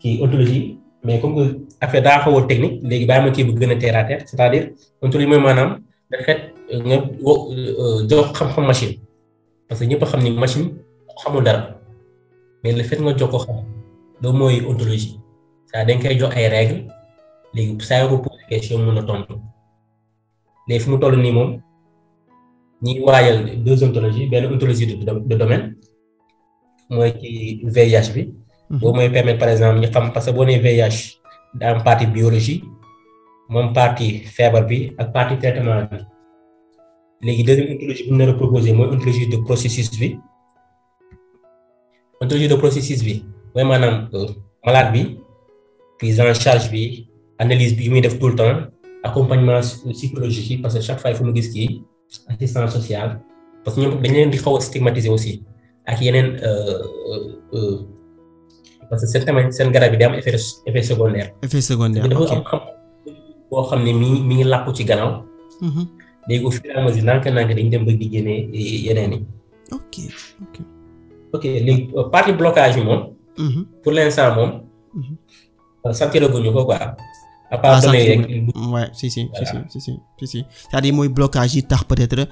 kii ontologie mais comme que daa xaw a technique léegi bàyyi ma kii bu gën a terre à terre c'est-à-dire ontologie mooy maanaam le fait nga euh, euh, xam-xam machine parce que ñëpp a xam ni machine xamul dara mais le fait nga jox ko xam loolu mooy ontologie ça dañ koy jox ay règles léegi saa yoo ko posé question mën a tontu léegi fi mu toll nii moom. ñi waajal deux ontologies benn ontologie de domaine mooy ci VIH bi. Mhm. boobu mooy permettre par exemple ñu xam parce que boo nee VIH daa am partie biologie moom partie feebar bi ak partie traitement bi léegi deuxième ontologie bi ñu nar a proposé mooy ontologie de processus bi ontologie de processus bi mooy maanaam euh, malade bi prise en charge bi analyse bi yu muy def tout le temps accompagnement psychologique yi parce que chaque fois il faut mu gis kii. assistance sociale parce que ñoom dañ leen di xaw a stigmatiser aussi ak yeneen eh, eh, eh, parce que seen tamit seen garab yi day am effet secondaire. effet secondaire ok xam boo ne mi mi ngi làqu ci ganaaw léegi au fur et à mesure nànk dañ dem ba di génne yeneen yi. ok ok ok léegi partie blocage bi moom. pour l'instant moom. sant la ko quoi. appartenait ah, ouais si si si si si si si euh, cest mooy blocage yi tax peut-être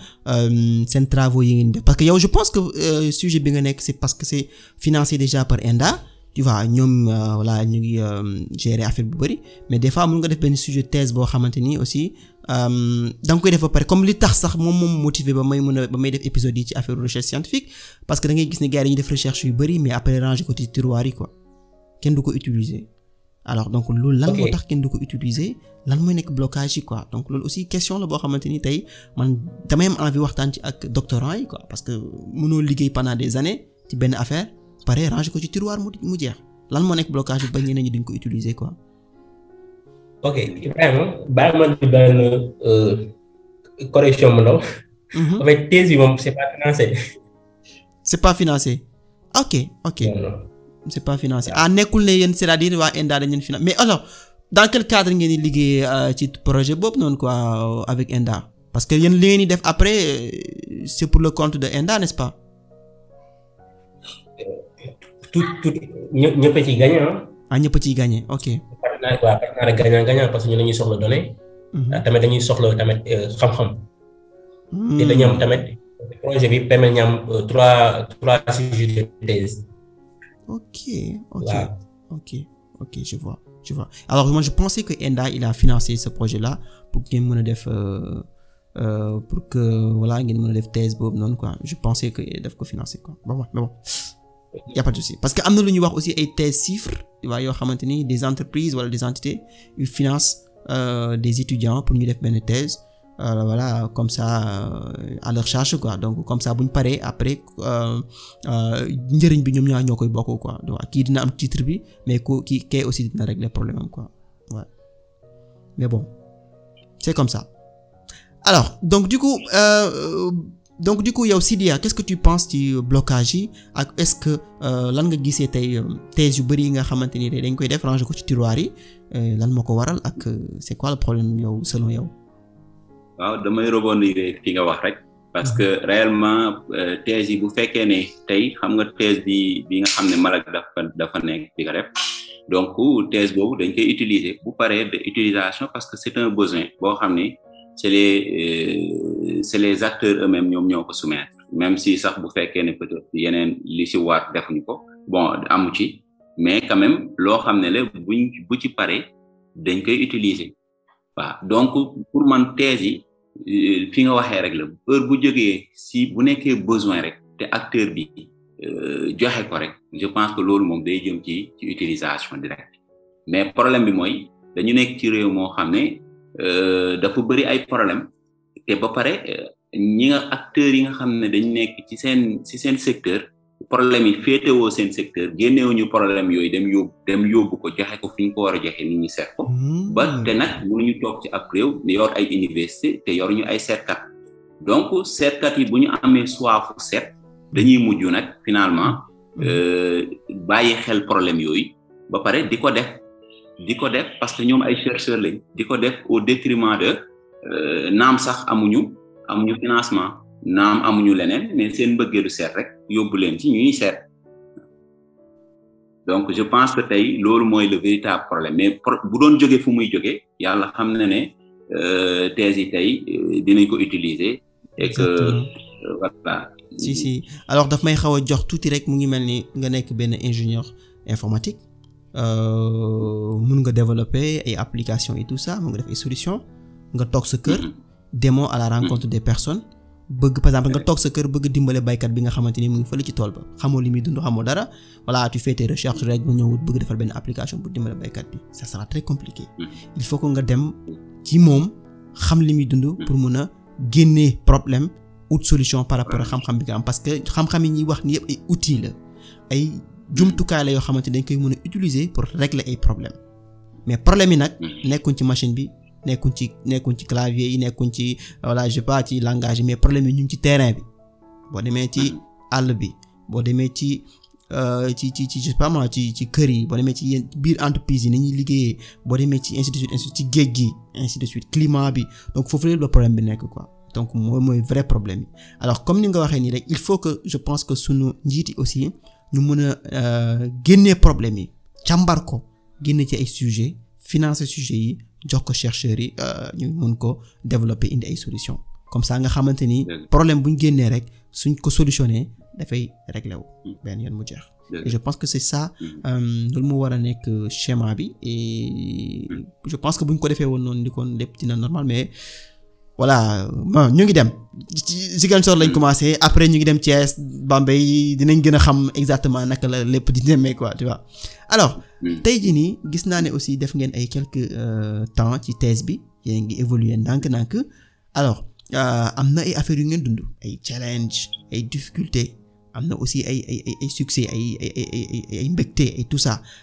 seen travaux yi ngeen def parce que yow je pense que euh, sujet bi nga nekk c'est parce que c'est financé déjà par inda tu vois ñoom euh, voilà ñu ngi e affaire bu bari mais des mun nga def benn sujet thèse boo xamante ni aussi da nga koy def ba pare comme li tax sax moom moom motivé ba may mën a ba may def épisode yi ci affaire recherche scientifique parce que da ngay gis ne gars yi def recherche ko ci tiroir ko utiliser. alors donc loolu lan moo tax kenn du ko utiliser lan mooy nekk blocage yi quoi donc loolu aussi question la boo xamante ni tey man damay am envie waxtaan ci ak doctorant yi quoi parce que mënoo liggéey pendant des années ci benn affaire pare ranger ko ci tiroir mu mu jeex lan moo nekk blocage yi ba ñeneen ñi duñ ko utiliser quoi. ok Ibrahima baal ma di benn euh, correction mu ndaw. Mhm. en fait thèse bi c'est pas financé. c'est pas financé. ok ok. c'est pas financé ah nekkul ne yéen c'est-à-dire waa ENDA dañu leen financé mais alors dans quel cadre ngeen di liggéey euh, ci projet boobu noonu quoi euh, avec ENDA parce que yéen li ngeen di def après euh, c'est pour le compte de ENDA n'est-ce pas. tout tout ñëpp ciy gagné ah. ñëpp a ciy gagné ok. partenaire waaw partenaire dañuy soxla mm-hmm. ah, tamit dañuy soxla tamit xam mm. tamit projet bi Ok, ok, Là. ok, ok, je vois, je vois. Alors moi je pensais que Enda il a financé ce projet-là pour que ngeen mën a def euh, euh, pour que voilà ngeen mën a def thèse boobu noonu quoi je pensais que daf ko financer quoi bon mais bon y a pas de souci parce que am na lu ñuy wax aussi ay thèse chiffres tu vois yoo xamante ni des entreprises wala des entités ils financent euh, des étudiants pour ñu def benn thèse. Euh, voilà comme ça euh, à leur charge quoi donc comme ça bu ñu paree après euh, njëriñ bi ñoom ñaar ñoo koy bokk quoi donc kii dina am titre bi mais ku kii kay aussi dina régler problème am quoi ouais mais bon c'est comme ça alors donc du coup euh, donc du coup yow Sidia qu'est-ce que tu penses ci blocage yi ak est-ce que lan nga gisee tey thèse yu bëri yi nga xamante ni dañ koy def ranger ko ci tiroir yi lan moo ko waral ak c'est quoi le problème yow selon yow. waaw damay rebondir fi nga wax rek parce que mhm. réellement euh, thèse yi bu fekkee ne tey xam nga thèse bi bi nga xam ne Malak dafa dafa nekk di ko def donc thèse boobu dañ koy utiliser bu paree de utilisation parce que c'est un besoin boo xam ne c'est les euh, c'est les acteurs eux-mêmes ñoom ñoo ko soumettre même si sax bu fekkee ne peut-être yeneen li si waat defuñu ko bon amu ci mais quand même loo xam ne la buñ bu ci pare dañ koy utiliser waaw donc pour man thèse yi fi nga waxee rek la heure bu jógee si bu nekkee besoin rek te acteur bi euh, joxe ko rek je pense que loolu moom day jëm ci ci utilisation directe mais problème bi mooy dañu nekk ci réew moo xam ne euh, dafa bëri ay problème te ba pare euh, ñi nga acteurs yi nga xam ne dañu nekk ci seen ci seen secteur problème yi féetewoo seen secteur génnewuñu problème yooyu dem yóbbu dem yóbbu ko joxe ko fi ñu ko war a joxe nit ñi seet ko hmm. ba te nag mënuñu toog ci ab réew yor ay université te yor ñu ay seetkat donc seetkat yi bu ñu amee soifu seet dañuy mujj nag finalement hmm. euh, bàyyi xel problème yooyu ba pare di ko def di ko def parce que ñoom ay chercheurs lañ di ko def au détriment de euh, naam sax amuñu amuñu financement naam amuñu leneen mais seen mbëggeelu seet rek yóbbu leen ci ñuy seet donc je pense que tey loolu mooy le véritable problème mais bu doon jógee fu muy jóge yàlla xam na ne euh, thèse yi tey euh, dinañ ko utiliser. et que euh, si si alors daf may xaw a jox tuuti rek mu ngi mel ni nga nekk benn ingénieur informatique mun nga développer ay applications et tout ça mun nga def ay solutions nga toog sa kër. Mm-hmm. démo à la mm-hmm. rencontre des personnes. bëgg par exemple nga eh. toog sa kër bëgg dimbale baykat bi nga xamante ni mu ngi fële ci tool ba xamoo li muy dund xamoo dara voilà tu fais tes recherches rek ba ñëwut bëgg defal benn application pour dimbale baykat bi ça sera très compliqué. Hmm. il faut que nga dem ci moom xam li muy dund. Hmm. pour mun a génne problème ut solution par rapport ak xam-xam bi nga am parce que xam-xam yi ñuy wax ni yëpp ay outils la ay jumtukaay la yoo xamante dañ koy mën a utiliser pour régler ay problèmes hmm. machine bi. nekkuñ ci nekkuñ ci clavier yi nekkuñ ci voilà je pas ci langage mais problème yi ñu ngi ci terrain bi boo demee ci àll bi boo demee ci euh, ci ci ci je pas moi ci ci kër yi boo demee ci yéen biir entreprise yi ni ñuy liggéeyee boo demee ci ainsi de ci géej gi ainsi de climat bi donc foofu la problème bi nekk quoi donc mooy mooy vrai problème yi comme ni nga waxee nii rek que je pense que sunu njiiti aussi ñu mën a euh, génnee problème yi càmbar ko génne ci ay sujet financer sujet yi jox ko chercheurs yi euh, ñu mun ko développer indi ay solution comme ça nga xamante ni problème bu ñu génnee rek suñ ko solutionné dafay réglé wu mm. benn yoon mu jeex et je pense que c'est ça mm. euh, loolu mu war a nekk euh, schéma bi et mm. je pense que bu ñu ko defee woon noonu di koon lépp dina normal mais voilà bon ñu ngi dem Ziguinchor lañ mm. commencé après ñu ngi dem Thiès Bambey dinañ gën a xam exactement naka la lépp di demee quoi tu vois alors mm. tey jii nii gis naa ne aussi def ngeen ay quelques euh, temps ci thèse bi yéen ngi évoluer ndànk-ndànk alors euh, am na ay affaire yu ngeen dund ay challenge ay difficultés am na aussi ay ay ay succès ay ay ay ay mbégte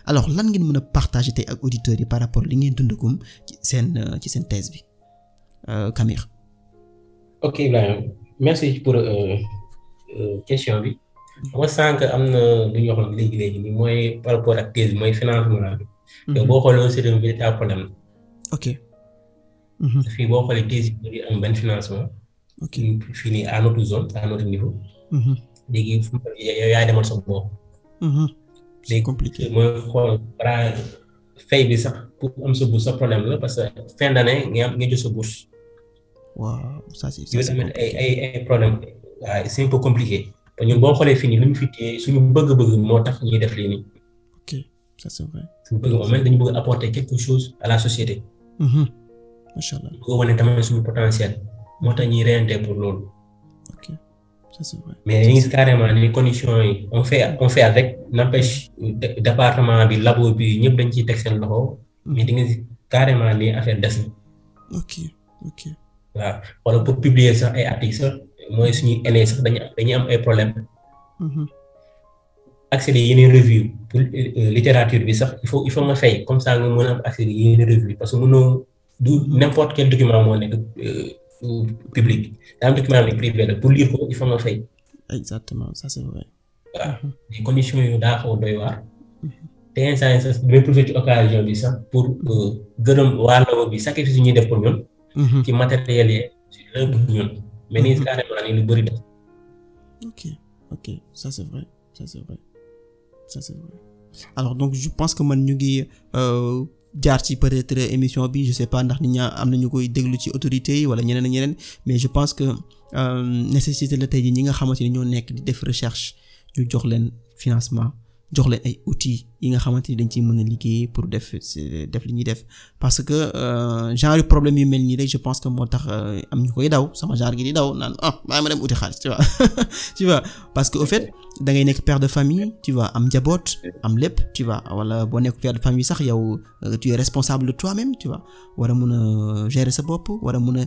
alors lan ngeen mën a partager tey ak auditeurs yi par rapport li ngeen dundagum ci seen euh, ci seen thèse bi Camille. Euh, ok Ibrahima merci pour euh, euh, question bi. ma sànq am na lu ñu waxoon léegi léegi nii mooy par rapport ak thèse mooy financement bi. te mhm. boo xoolee aussi dañu bëri taa problème ok. Mhm. Mhm. fii boo xoolee thèse bi am benn financement. ok fii nii à notre zone à notre niveau. léegi fu yow yaa demal sa bopp. c'est compliqué mooy xool balaa fay bi sax pour am sa bourse sa problème la parce que fin d'année nga am nga jot sa bourse. waaw ça c'est ay ay ay problème waaw c'est un peu compliqué ñun boo xoolee fii nii lu ñu fi téye suñu bëgg-bëgg moo tax ñuy def lii nii. ok ça c'est bëgg moom même dañu bëgg apporter quelque chose à la société. macha allah bëgg wane tamit suñu moo tax ñuy reyante pour loolu. mais ñu ngi carrément ni conditions yi on fait on fait avec n'empêche département bi labo bi ñëpp dañu ciy teg seen loxo. mais di nga carrément ni affaire des na. ok. waaw wala pour publier sax ay articles sax mooy suñuy aînés sax dañuy am dañuy am ay problèmes. Mhm. accéder yeneen revue pour euh, littérature bi sax il faut il faut nga fay comme ça nga mën a parce que mënoo du mhm. n'importe quel document moo nekk euh, public daa am document bi la pour lire ko il faut nga fay. exactement ça c'est vrai. yi mhm. les yooyu daa xaw doy waar. te instant yii sax damay profité ci occasion bi sax pour euh, gërëm waa Ndao bi sacrifice yi ñuy def pour ñun. Mm-hmm. ci matériel yi mm-hmm. bëri def ok ok ça donc je pense que man ñu ngi euh, jaar ci peut-être émission bi je sais pas ndax nit ñaa am nañu koy déglu ci autorités yi wala ñeneen ak ñeneen mais je pense que euh, nécessité la tey ñi nga xamante ni ñoo nekk di def recherche ñu jox leen financement jox leen ay outils yi nga xamante ni dañ ciy mën a liggéey pour def def li ñuy def parce que euh, genre problème yu mel nii rek je pense que moo tax euh, am ñu koy daw sama genre gi di daw naan ah maa ma dem uti xaalis que au fait nekk père de famille tu vois am njaboot am lépp tu vois wala boo nekk père de famille sax yow euh, tu es responsable même tu vois war mun a gérer sa bopp war mun a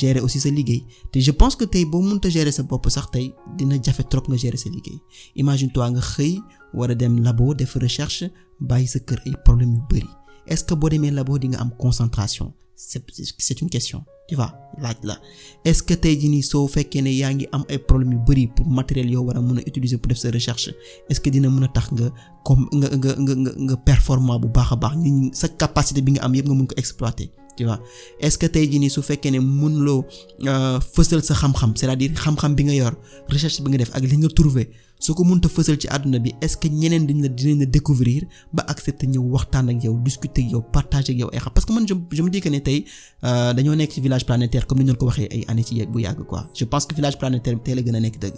gérer aussi sa liggéey te je pense que tey boo mënta gérer sa bopp sax tey dina jafe trop nga gérer sa liggéey imagine toi nga xëy. war a dem labo def recherche bàyyi sa kër ay problème yu bëri est-ce que boo demee labo dinga am concentration c'est une question tu vois laaj la est-ce que tey jii nii soo fekkee yaa ngi am ay problème yu bëri pour matériel yoo war a mën a utiliser pour def sa recherche est que dina mën a tax nga comme nga nga nga nga nga performant bu baax a baax ni sa capacité bi nga am yëpp nga mën ko exploiter tu vois est que tey jii nii su fekkee ne mënuloo euh, fësal sa xam-xam c'est-à-dire xam-xam bi nga yor recherche bi nga def ak li nga trouver soo ko mënta fësal ci àdduna bi est-ce que ñeneen dañ la dinañ la découvrir ba accepter ñëw waxtaan ak yow discuter ak yow partager ak yow ay xam parce que man je je me dis ne tey euh, dañoo nekk ci village planétaire comme ni ñu ko waxee ay année ci bu yàgg quoi je pense que village planétaire bi tey la gën a nekk dëgg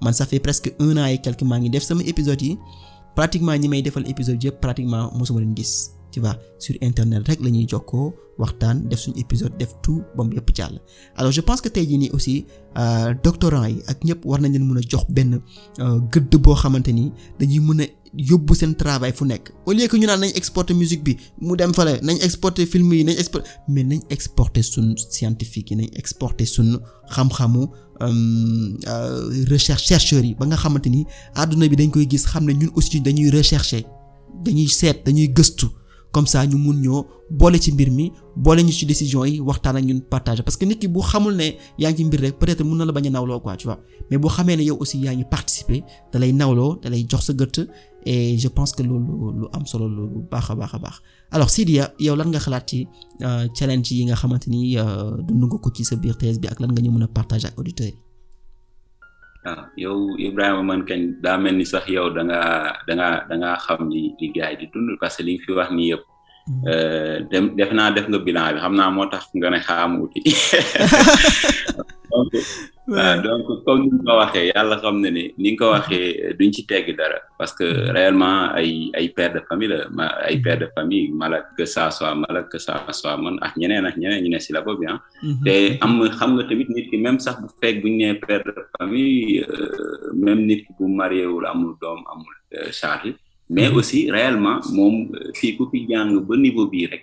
man ça fait presque un an et quelques ngi def sama épisode yi pratiquement ñi may defal épisode yëpp pratiquement mosuma leen gis. tu vois sur internet rek la ñuy jokkoo waxtaan def suñ épisode def tout ba mu yëpp jàll alors je pense que tey jii nii aussi euh, doctorant yi ak ñëpp war nañ leen mën a jox benn euh, gëdd boo xamante ni dañuy mën a yóbbu seen travail fu nekk au lieu que ñu naan nañ exporter bi mu dem fale nañ exporter film yi nañ exporter mais nañ exporter suñ scientifique yi nañ exporter suñ xam-xamu euh, recherche chercheurs yi ba nga xamante ni àdduna bi dañ koy gis xam ne ñun aussi dañuy rechercher dañuy seet dañuy gëstu comme ça ñu mun ñoo boole ci mbir mi boole ñu ci décision yi waxtaan ak ñun partage parce que nit ki bu xamul ne yaa ngi ci mbir rek peut-être mun na la bañ a nawloo quoi tu vois mais boo xamee ne yow aussi yaa ngi participer da lay nawloo dalay jox sa gët et je pense que lu lu am solo lu baax a baax a baax alors Sidia yow lan nga xalaat ci euh, challenge yi nga xamante ni euh, dund nga ko ci sa biir thèse bi ak lan nga ñu mën a partager ak auditeurs yi. waaw yow Ibrahima man kañ daa mel ni sax yow danga ngaa da ngaa xam ni li gars yi di dund parce que li nga fi wax nii yëpp Mm. Euh, dem def naa def nga bilan bi xam naa moo tax nga ne am uti donc donc comme ni nga ko waxee yàlla xam ne ni ni nga ko waxee duñ ci tegg dara parce que mm. réellement ay ay père de famille la ma ay mm. père de famille malade que ça soit malade que ça man ak ñeneen ak ñeneen ñu ne si la ko bien ah. mm-hmm. te am xam nga tamit nit ki même sax bu fekk buñ nee père de famille euh, même nit ki bu marié wul amul doom amul euh, charge mais mhm. aussi réellement moom euh, fii ku fi jàng ba niveau bii rek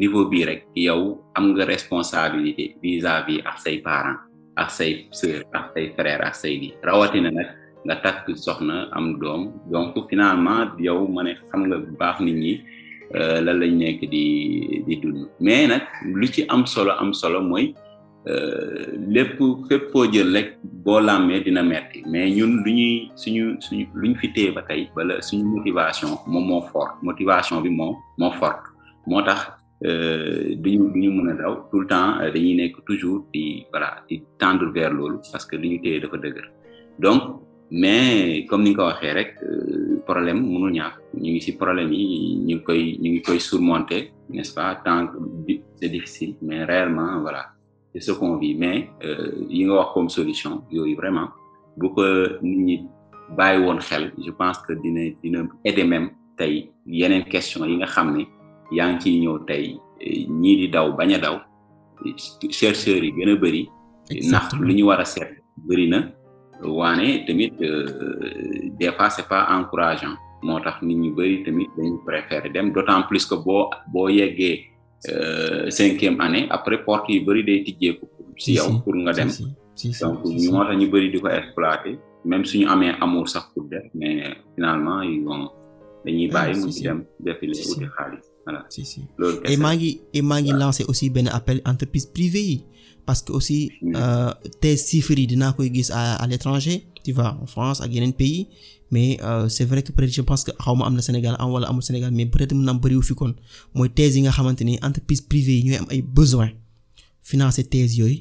niveau bii rek yow am nga responsabilité vis-à-vis ak say parents ak say ak say frère ak say di rawatina nag nga takk soxna am doom donc finalement yow ma ne xam nga bu baax nit ñi euh, lan lañ nekk di di mais nag lu ci am solo am solo mooy Euh, lépp képp koo jël rek boo làmmee dina metti mais ñun lu ñuy suñu suñu lu ñu fi téye ba tey bala suñu motivation moom moo fort motivation bi moom moo fort moo tax euh, duñu ñu mun a daw tout le temps euh, dañuy nekk toujours di voilà di tendre vers loolu parce que li ñu téye dafa dëgër donc mais comme ni nga ko waxee rek problème mënul ñàkk ñu ngi si problème yi ñu ngi koy ñu ngi koy surmonter n'est-ce pas tant que c'est difficile mais réellement voilà c'est ce qu'on mais euh, yi nga wax comme solution yooyu vraiment bu ko nit ñi bàyyi woon xel je pense que dina dina aider même tey yeneen question yi nga xam ne yaa ngi ciy ñëw tey ñii di daw bañ a daw chercheurs yi gën a bëri ndax lu ñu war a seet bëri na waane tamit euh, des fois c'est pas encourageant moo tax nit ñu bëri tamit dañu préférer dem d'autant plus que boo boo yeggee Euh, cinquième année après porte yu bëri day tijjeeku si yow pour nga dem donc ñu moo ñu bëri di ko exploité même ñu amee amour sax pour de mais finalement ils vont dañuy ah, bàyyi mu dem defi la xaalis voilà maa ngi maa ngi lancé aussi benn appel entreprise privée yi parce que aussi euh, tes chiffres yi dinaa koy gis à à l'étranger tu vois en France ak yeneen pays mais euh, c'est vrai que peut être je pense que xaw ma am na Sénégal am wala amul Sénégal mais peut être mën na am bëriwu fi kon mooy thèse yi nga xamante ni entreprise privée yi ñooy am ay besoin financer thèse yooyu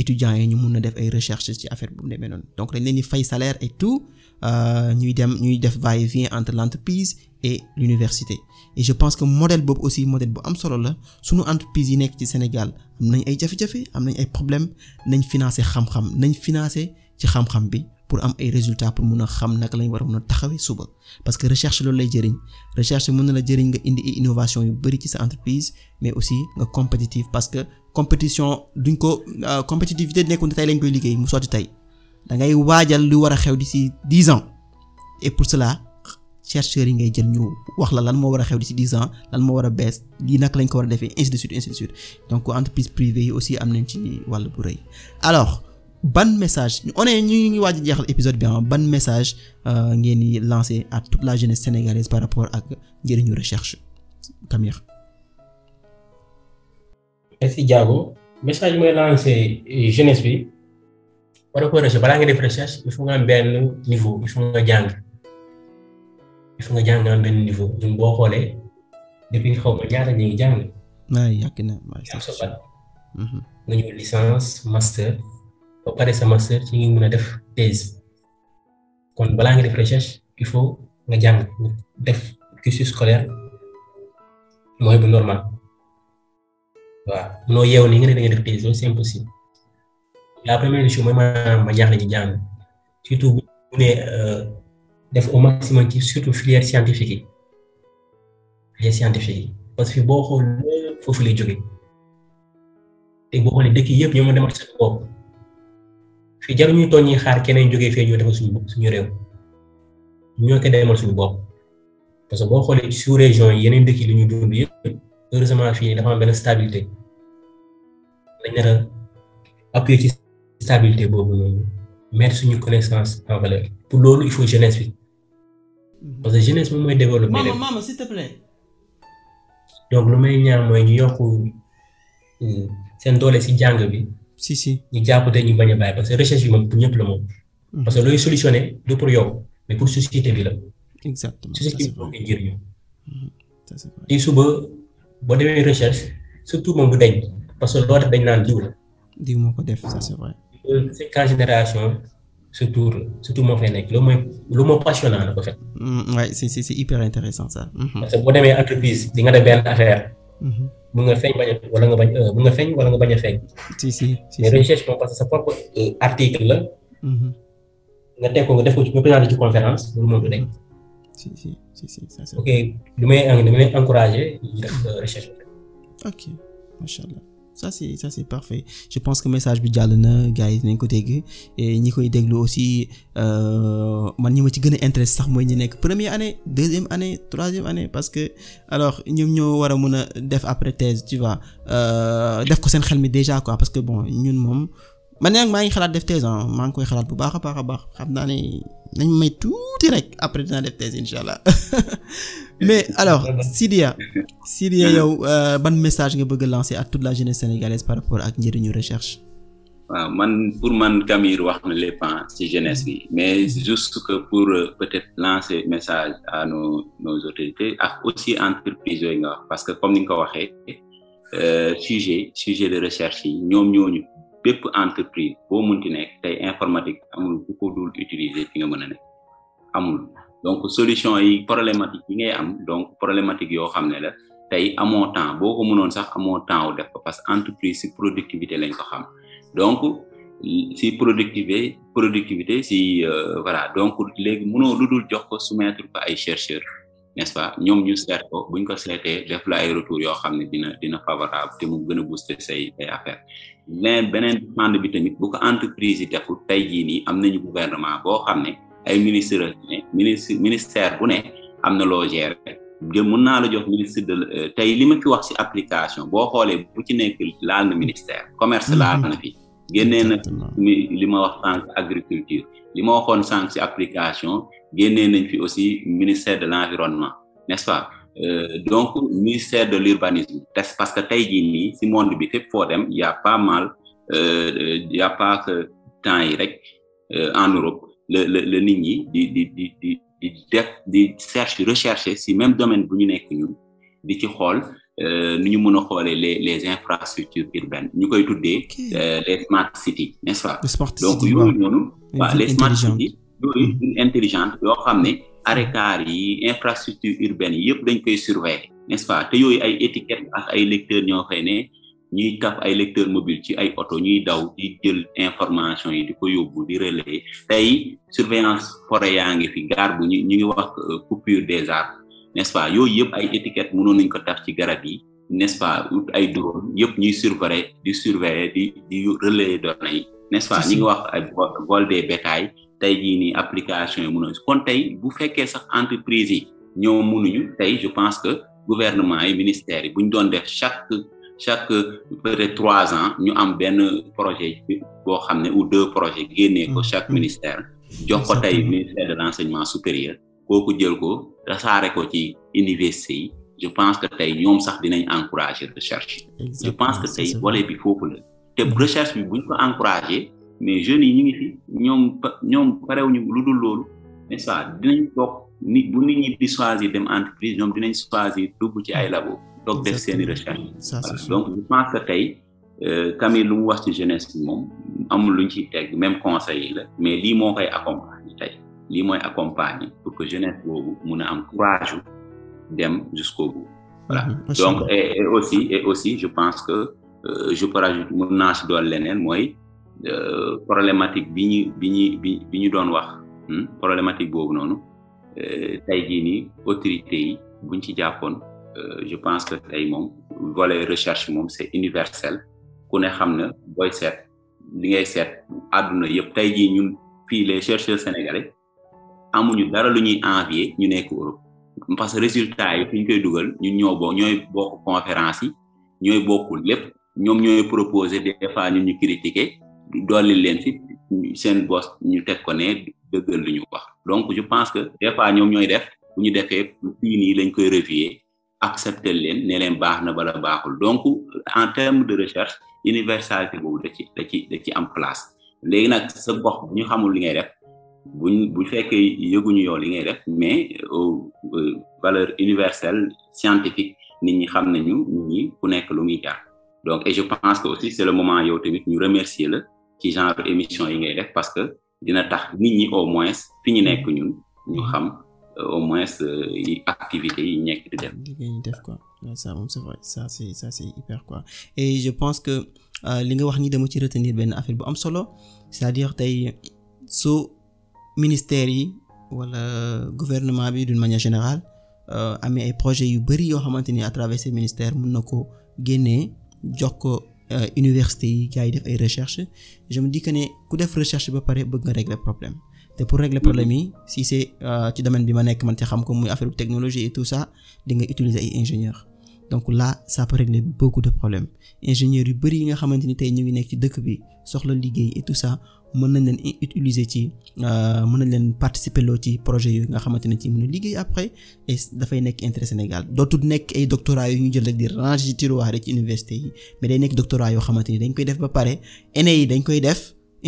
étudiants yi ñu mun na def ay recherche ci affaire bu mu demee noonu donc dañ leen di fay salaire et tout euh, ñuy dem ñuy def va-et-vient entre et l'université et je pense que modèle boobu aussi modèle bu am solo la sunu entreprise yi nekk ci Sénégal am nañ ay jafe-jafe am nañ ay problème nañ financer xam-xam nañ financer ci xam-xam bi pour am ay résultats pour mun a xam naka lañ war a mun a taxawee suba parce que recherche loolu lay jëriñ recherche mun na la jëriñ nga indi ay innovation yu bari ci sa entreprise mais aussi nga compétitif parce que compétition duñ ko euh, compétitivité nekkul ne tey lañ koy liggéey mu tey da ngay waajal lu war a xew d'ici dix ans et pour cela chercheurs yi ngay jël ñu wax la lan moo war a xew di ci dix lan moo war a bees lii nag lañ ko war a defee ainsi de suite ainsi de suite donc entreprise privée yi aussi am nañ ci wàll bu rëy alors ban message on est ñu ngi waaj a jeexal épisode bi ah ban message euh, ngeen di lancer à tout la jeunesse sénégalaise par rapport ak njëriñu recherche Camille. merci Diago message mooy lancer jeunesse bi par rapport balaa nga def recherche il faut nga benn niveau il faut nga il faut nga jàng nga am benn niveau ñun boo xoolee depuis xaw ma ñaata ñu ngi jàng. waaw yàgg na waaw yàgg sa bac mhm. nga ñëw licence master ba pare sa master ci ngi mën a def thèse kon balaa nga def recherche il faut nga jàng def cursus scolaire mooy bu normal waaw munoo yeewu ni nga ne da nga def thèse loolu c'est la première chose mooy maanaam ma jaaxle ñu jàng surtout bu ne. Euh, def au maximum ci surtout filière scientifique yi filière scientifique yi parce que boo xool foofu lay jóge te boo xoolee dëkk yëpp ñoo ma demal seen bopp fii jarul ñuy toog ñuy xaar keneen jógee fee ñoo defal suñu suñu réew ñoo ko demal suñu bopp parce que boo xoolee sous région yi yeneen dëkk yi li ñu dund yëpp heureusement fii dafa am benn stabilité dañ nar a appuyer ci stabilité boobu noonu mettre suñu connaissance en valeur pour loolu il faut jeunesse parce que jeunesse moom mooy développé. maman maman s'il te donc lu may ñaan mooy ñu yokk euh, seen doole si jàng bi. si si ñu jàpp te ñu bañ a bàyyi parce que recherche bi moom pour ñëpp la moom. Hmm. parce que looy solutionné du pour yow mais pour bi la. exactement société bi moom njëriñu. te suba boo demee recherche surtout moom du dañ parce que loo def dañ naan diw la. diw moo ko def ça c'est vrai. Euh, cinquante génération. surtout surtout moo fay nekk loolu mooy loolu moo passionnant na ko fekk. waaye c'est c'est hyper intéressant ça. Mm-hmm. parce que boo demee entreprise di nga benn affaire. Mm-hmm. mun nga feeñ bañ a wala nga bañ euh, mun nga feeñ wala nga bañ a feeñ. si si si mais recherche moom parce que sa propre euh, article la. Mm-hmm. nga teg ko nga def ko ci nga présenté ci conférence loolu moom du nekk. si si si si ça c'est ok li may li may encouragé def euh, recherche. ok macha allah. ça c'est ça c'est parfait je pense que message bi jàll na gars yi dinañ ko dégg et ñi koy déglu aussi euh, man ñi ma ci gën a intéressé sax mooy ñi nekk premier année deuxième année troisième année parce que alors ñoom ñoo war a mën a def après thèse tu vois euh, def ko seen xel mi déjà quoi parce que bon ñun moom. man nag maa ngi xalaat def thèse ah maa ngi koy xalaat bu baax a baax a baax xam naa ni nañ may tuuti rek après dinaa def thèse incha allah mais alors Sidia Sidia yow euh, ban message nga bëgg a lancer à toute la par rapport ak njëriñu recherche. waaw man pour man Camille wax na lépp ah, ci jeunesse bi mais juste que pour euh, peut-être lancer message à nos nos ak aussi entreprises yooyu nga wax parce que comme ni nga ko waxee euh, sujet sujet de recherche yi ñoom ñooñu. bépp entreprise boo munti nekk tey informatique amul ku ko dul utiliser fi nga mën a nekk amul donc solution yi problématique yi ngay am donc problématique yoo xam ne la tey amoo temps boo ko mënoon sax amoo temps wu def ko parce que entreprise si productivité lañ ko xam donc si productivité productivité si euh, voilà donc léegi mënoo lu dul jox ko soumettre ay chercheurs n'est-ce pas ñoom ñu seet ko buñ ko seetee def la ay retour yoo xam ne dina dina favorable te mu gën a booster say say mais beneen fànn bi tamit bu ko entreprise yi deful tey jii nii am nañu gouvernement boo xam ne ay ministre ne ministre ministère bu ne am na loo gérer de naa la jox ministre de euh, tey li ma fi wax ci application boo xoolee bu ci nekk laal na ministère commerce laal na fi génnee na li ma wax sànq agriculture li ma waxoon sànq ci application génnee nañ fi aussi ministère de l'environnement n'est-ce pas euh, donc ministère de l'urbanisme tes parce que tey jii ni si monde bi fépp foo dem y a pas mal euh, pas que temps yi rek euh, en Europe le le le nit ñi di di di di di recherche si même domaine bu ñu nekk ñun di ci xool euh, nu ñu mën a xoolee les les infrastructures urbaines ñu koy tuddee euh, les smart cities n'est-ce pas donc yooyu noonu waaw les smart cities yooyu intelligente yoo xam ne arrêt yi infrastructure urbaine yi yëpp dañ koy surveiller n'est-ce pas te yooyu ay étiquette ak ay lecteurs ñoo xëy ne ñuy taf ay lecteur mobile ci ay oto ñuy daw di jël information yi di ko yóbbu di relayer tey surveillance forêt yaa ngi fi gaar bu ñu ñu ngi wax euh, coupure des arbres n'est-ce yooyu yëpp ay étiquette mënoon nañ ko taf ci garab yi n'est-ce pas ay drone yëpp ñuy surveiller di surveiller di di relayer données yi n'est-ce pas wax ay vol tey jii nii application yi mënoo kon tey bu fekkee sax entreprise yi ñoo mënuñu tey je pense que gouvernement yi ministère yi bu ñu doon def chaque chaque peut-être trois ans ñu am benn projet boo xam ne ou deux projets génnee ko mm. chaque ministère jox ko tey ministère de l'enseignement supérieur kooku jël ko tasaare ko ci université yi je pense que tey ñoom sax dinañ encourager recherche je pense que tey volet bi foofu la te mm. recherche bi buñ ko encourager mais jeunes yi ngi ñoom ñoom parewuñu lu dul loolu n'est-ce pas dinañ toog nit bu nit ñi di dem entreprise ñoom dinañ choisir dugg ci ay labo toog def seeni recherche donc je pense que tey euh, Camille lu mu wax ci jeunesse moom amul luñ ciy teg même conseil la mais lii moo koy accompagner tey lii mooy accompagner pour que jeunesse boobu mun a am courage dem jusqu'au bout voilà mm-hmm. donc et, et aussi et aussi je pense que euh, je peux rajouter naa dool leneen mooy Euh, problématique biñu ñu bi ñu bi bi ñu doon wax hmm? problématique boobu noonu euh, tey jii nii autorité yi buñ ci jàppoon euh, je pense que tey moom volet recherche moom c'est universel ku ne xam na booy seet li ngay set àdduna yëpp tey jii ñun fii les chercheurs sénégalais amuñu dara lu ñuy envier ñu nekk Europe parce que résultat yi fi ñu koy dugal ñu ñoo bokk ñooy bokk conférence yi ñooy bokk lépp ñoom ñooy proposer des fois ñun ñu critiquer dolli leen fi seen bos ñu teg ko ne dëggal li ñu wax donc je pense que des ñoom ñooy def bu ñu defee fii nii lañ koy revier accepter leen ne leen baax na bala baaxul donc en terme de recherche universalité boobu da ci da ci da ci am place léegi nag sa gox bu ñu xamul li ngay def bu bu fekkee yëguñu yow li ngay def mais euh, euh, valeur universelle scientifique ni ñi xam nañu nit ñi ku nekk lu muy jar donc et je pense que aussi c'est le moment yow tamit ñu remercier la ci genre émission yi ngay def parce que dina tax nit ñi au moins fi ñu nekk mm-hmm. ñun ñu xam euh, au moins euh, yi activités yi nekk di def. di def quoi ça moom c'est vrai ça c'est ça c'est hyper quoi et je pense que euh, li nga wax ni dama ci retenir benn affaire bu am solo c'est-à-dire tey soo ministère yi wala gouvernement bi d'une manière générale amee ay projets yu bari yoo xamante ni à travers ces ministères mën na ko génnee jox ko. Euh, université yi gars def ay recherche je me dis que ne ku def recherche ba pare bëgg nga régler problème te pour régler problème yi si c'est euh, ci domaine bi ma nekk man ci xam ko muy affaire technologie et tout ça di nga utiliser ay ingénieurs donc là ça peut régler beaucoup de problèmes ingénieurs yu bëri yi nga xamante ni tey ñu ngi nekk ci dëkk bi soxla liggéey et tout ça mën nañ leen utiliser ci euh, mën nañ leen participer ci projet yooyu nga xamante ne ci mën a liggéey après et dafay nekk intérêt Sénégal dootul nekk ay doctorat yu ñu jël rek di ranger ci tiroir ci université yi mais day nekk doctorat yoo xamante ni dañ koy def ba pare année yi dañ koy def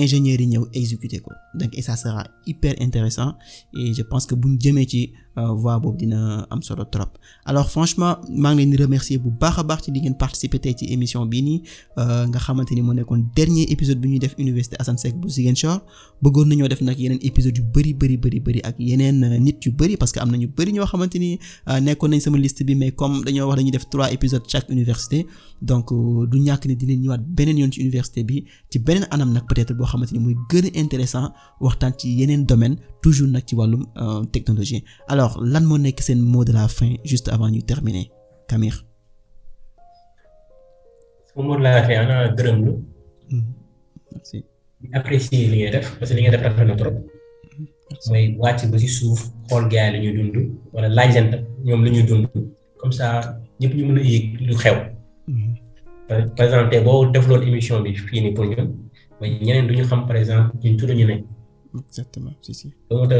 ingénieurs yi ñëw exécuter ko donc et ça sera hyper intéressant et je pense que buñ jëmee ci Euh, voix boobu dina am solo trop alors franchement maa ngi leen remercier bu baax a baax ci li ngeen participer ci émission bii nii euh, nga xamante ni moo nekkoon dernier épisode bu ñuy def Université Assane Seck bu Ziguinchor bëggoon nañoo def nag yeneen épisode yu bëri bëri bëri bëri ak yeneen euh, nit yu bëri parce que am nañu ñu bëri ñoo xamante ni nekkoon nañ sama list bi mais comme dañoo wax dañuy def trois épisodes chaque université donc du ñàkk ne dinañ ñëwaat beneen yoon ci bi ci beneen anam nag peut-être boo xamante ni muy gën a waxtaan ci yeneen domaine toujours nag ci wàllum euh, technologie alors lan moo nekk seen mot de la fin juste avant ñu terminer Camille. sama mot de la fin ana gërëm lu. Mm-hmm. def parce que li ngay def rafet na mooy wàcc ba ci suuf xool gars yi la ñuy dund wala laajante ñoom la ñuy dund comme ça ñëpp ñu mën a yëg lu xew. Mm-hmm. par exemple boo defloon émission bi fii nii pour ñun mooy ñeneen du ñu xam par exemple ñun tudd ñu ne. exactement si si. donc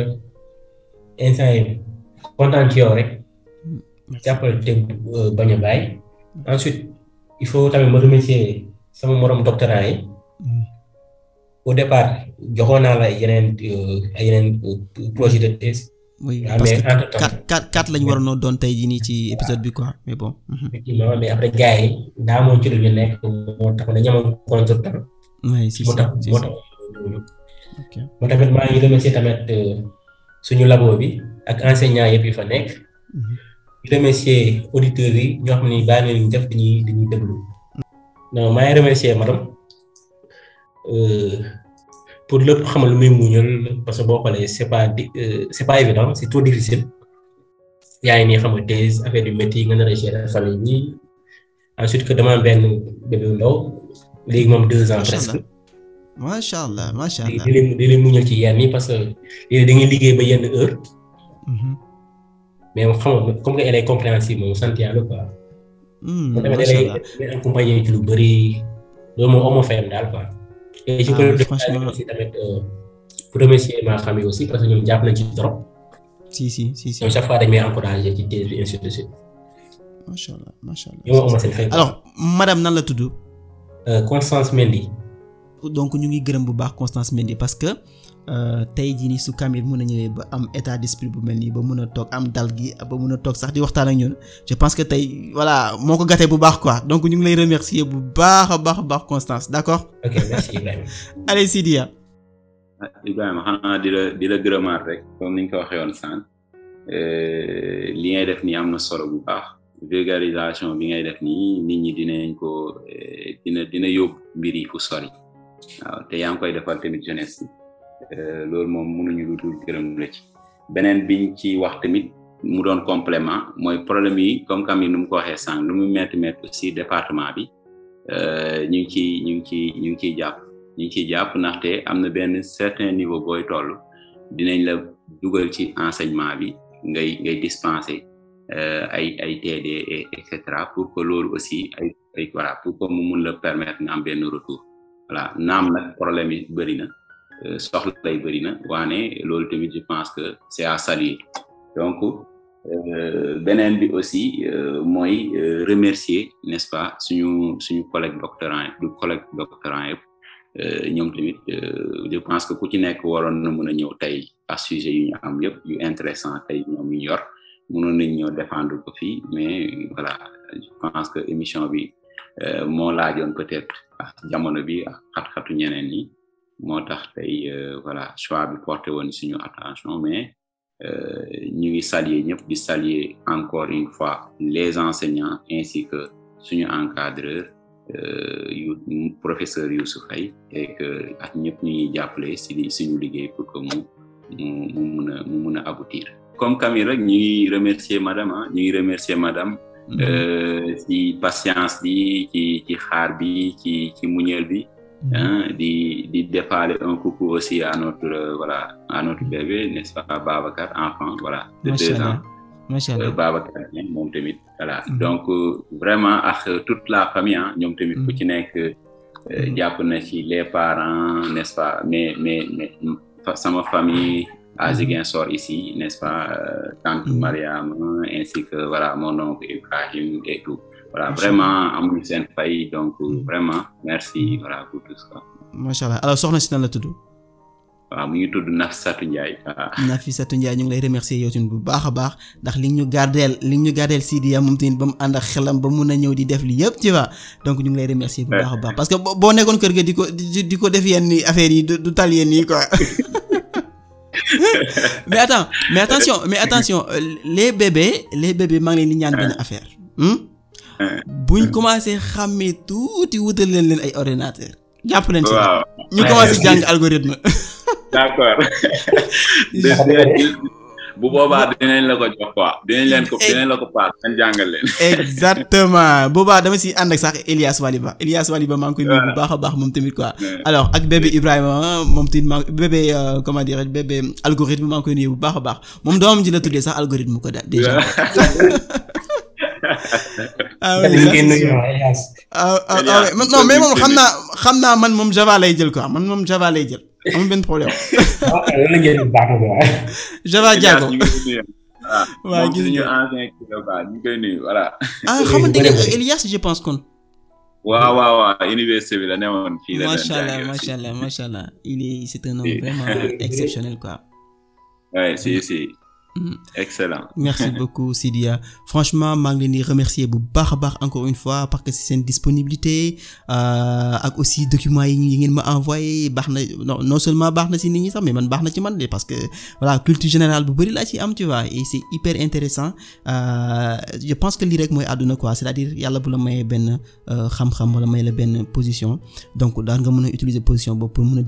tamit yow rek. jàppale te euh, bañ a bàyyi. ensuite il faut tamit ma remercier sama morom doctorant yi. Hmm. au départ joxoon naa la yeneen ay yeneen euh, euh, projet de thèse. oui ah, parce lañu waroon doon tey jii nii ci épisode bi quoi mais bon. Hmm. ba tamit maa ngi remercier tamit suñu laboo bi ak enseignant yëpp yi fa nekk mhm. di remercier auditeurs yi ñoo xam ne bàyyi nañu def dañuy dañuy déglu non maa ngi remercier madame euh, pour lépp xamal lu muy muñal parce que boo xoolee c'est pas di euh, c'est pas évident c'est trop difficile yaa ngi nii xam nga thèse affaire du métier nga nar a gérer famille bi que dama benn bébé léegi moom deux ans presque macha allah macha allah di leen di leen muñal ci yenn yi parce que léegi da ngay liggéey ba mm-hmm. sant yàlla quoi. Mm, macha allah daal quoi. et je ah, euh, ma famille parce que ñoom jàpp ci trop. si si si si chaque fois dañ may encouragé allah macha allah. alors madame nan la tudd. Euh, Constance donc ñu ngi gërëm bu baax Constance Mendy parce que euh, tey jii nii su Camille mën a ñëwee ba am état d'esprit bu mel nii ba mën a toog am dal gi ba mun a toog sax di waxtaan ak ñun je pense que tey voilà moo ko gàttee bu baax quoi donc ñu ngi lay remercier bu baax a baax baax Constance d'accord. ok merci Ibrahima. allez Sidia. Ah, xanaa di la di la gërëmaat rek comme ñu ko waxee woon sànq eh, li ngay def nii am na solo bu baax. vulgarisation bi ngay def nii nit ñi dinañ ko eh, dina dina yóbbu mbir yi fu sori waaw te yaa ngi koy defal tamit jeunesse euh, loolu moom mënuñu lu dul gërëm la ci beneen biñ ci wax tamit mu doon complément mooy problème yi comme kam yi mu ko waxee sànq nu mu met métti aussi département bi euh, ñu ngi ciy ñu ngi ciy ñu ngi ciy jàpp ñu ngi ciy jàpp ndaxte am na benn certain niveau booy toll dinañ la dugal ci enseignement bi ngay ngay dispenser euh, ay ay TD e et cetera pour que loolu aussi ay ay voilà pour que mu mun la permettre na am benn retour. voilà naam nag problème yi bëri na euh, soxla yi bëri na waane loolu tamit je pense que c'est à saluer donc euh, beneen bi aussi euh, mooy remercier n'est-ce pas suñu suñu collègue doctorant du collègue doctorant yëpp ñoom tamit je pense que ku ci nekk waroon na mën a ñëw tey à sujet yu ñu am yëpp yu intéressant tey ñoom yu yor mënoon nañ ñëw défendre ko fii mais voilà je pense que émission bi Euh, moo laajoon peut-être ah jamono bi ak xat-xatu ñeneen ñi moo tax tey euh, voilà choix bi porté woon suñu attention mais euh, ñu ngi saluer ñëpp di saluer encore une fois les enseignants ainsi que suñu encadreur yu professeur yu Faye et que ak ñëpp ñu ngi jàppale si suñu liggéey pour que mu mu mu a mu mun a aboutir. comme Camille rek ñu remercier madama ah ñu ngi remercier madame. Mhm. Euh, ci patience bi ci ci xaar bi ci ci muñal bi mhm. di di defaale un coucou aussi à notre euh, voilà à notre mhm. bébé n'est-ce pas Babacar enfant voilà de deux ans macha allah euh, tamit voilà donc vraiment ak toute la famille ah ñoom tamit ku ci nekk jàpp na ci les parents n'est-ce pas mais mais mais sama famille à ah, Ziguinchor mm-hmm. ici, n'est-ce pas, euh, tante mm-hmm. Mariam, euh, ainsi que voilà mon oncle Ibrahim et tout. voilà vraiment amuñu seen fay donc euh, mm-hmm. vraiment merci voilà pour tout ça. macha allah alors soxna si nan la tudd. waaw mu ngi tudd Nafisatou Ndiaye. Nafisatou Ndiaye ñu ngi lay remercier yow tamit bu baax a baax ndax li ñu gardeel li ñu gardeel Sidiya moom tamit ba mu ànd ak xelam ba mun a ñëw di def li yëpp tu vois donc ñu ngi lay remercier bu baax a baax parce que boo nekkoon kër ga di ko di du tal mais mais attention mais attention les bébés les bébés maa ngi leen di ñaan benn affaire. Hmm? buñ commencé xàmmee tuuti wutal leen leen ay ordinateur jàpp leen ci ñu commencé jàng algorithme. d'accord. bu boobaa dinañ la ko jox quoi dinañ leen ko dinañ la ko paas ngeen dama si ànd ak sax Elias Waliba Elias Waliba maa ngi koy nuyu bu baax a baax moom tamit quoi. alors ak bébé Ibrahima moom tamit maa bébé euh, koy nuyu bu baax a baax moom doomam ji la tuddee sax algorithme ko daal déjà. ah oui ah, ah, ah non mais moom xam naa xam naa man moom Java lay jël quoi man moom Java lay jël. amul benn problème. waaw lan ngeen baax a baax. Java Diago. waaw gis nga ñu koy nuyu voilà. ah xamante ne Elias je pense kon. waaw waaw waaw université bi la ne woon fii la. macha allah macha allah macha allah il est c'est un homme vraiment exceptionnel quoi. oui si si. excellent merci beaucoup Sidia franchement maa ngi leen remercier bu baax a baax encore une fois parce que seen disponibilité euh, ak aussi documents yi yi ngeen ma envoyé baax na non non seulement baax na si nit ñi sax mais man baax na ci man de parce que voilà culture générale bu bari laa ci am tu vois et c'est hyper euh, je pense que lii rek mooy àdduna quoi c'est-à-dire yàlla bu la mayee benn euh, xam-xam wala may la benn position donc daal nga mën a utiliser position boobu pour mën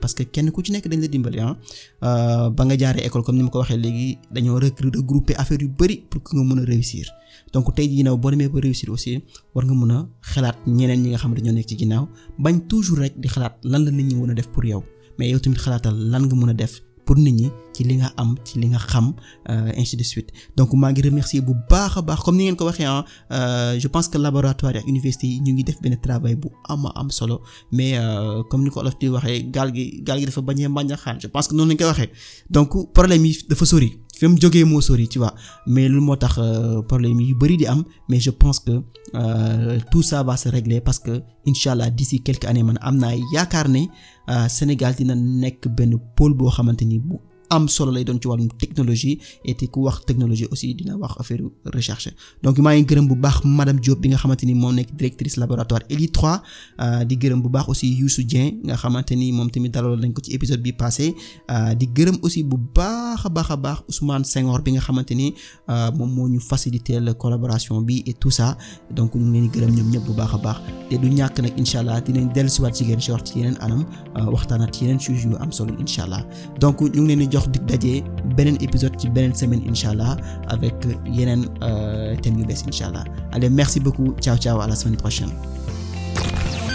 parce que kenn ku ci nekk dañ la dimbale ah Euh, ba nga jaaree école comme ni ma ko waxee léegi dañoo regrouper affaire yu bari pour que nga mën a réussir donc tey jii boo demee ba réussir aussi war nga mun a xalaat ñeneen ñi nga xam dañoo nekk ci ginnaaw bañ toujours rek di xalaat lan la nit ñi mën a def pour yow mais yow tamit xalaatal lan nga mun a def pour nit ñi ci li nga am ci li nga xam euh, ainsi de suite donc maa ngi remercier bu baax a baax comme ni ngeen ko waxee ah je pense que laboratoire ak université yi ñu ngi def benn travail bu am am solo mais euh, comme ni ko olof di waxee gaal gi gaal gi dafa bañee màññaxaan je pense que noonu lañ koy waxee donc problème yi dafa sori fi mu jógee moo sori tu waa mais lu moo tax euh, problème yu bari di am mais je pense que euh, tout ça va se régler parce que incha allah d'ici quelques années man am naa yaakaar ne euh, Sénégal dina nekk benn pôle boo xamante ni bu am solo lay doon ci wàllum technologie et ku wax technologie aussi dina wax affaire recherche donc maa ngi gërëm bu baax madame Diop xamante ni moom nekk directrice laboratoire ELI 3 euh, di gërëm bu baax aussi Youssou Dieng nga xamante ni moom tamit dalaloon nañ ko ci épisode bi passé euh, di gërëm aussi bu baax a baax a baax Ousmane Senghor bi nga xamante ni euh, moom moo ñu faciliter la collaboration bi et tout ça donc ñu ngeen di gërëm ñoom ñëpp bu baax a baax te du ñàkk nag incha allah dinañ dellusiwaat ci gën ci wax ci yeneen anam waxtaanaat ci yeneen sujet yu am solo incha allah jox dig daje beneen épisode ci beneen semaine incha allah avec yeneen euh, thèmes yu bees incha allah allez merci beaucoup ciao ciao à la semaine prochaine.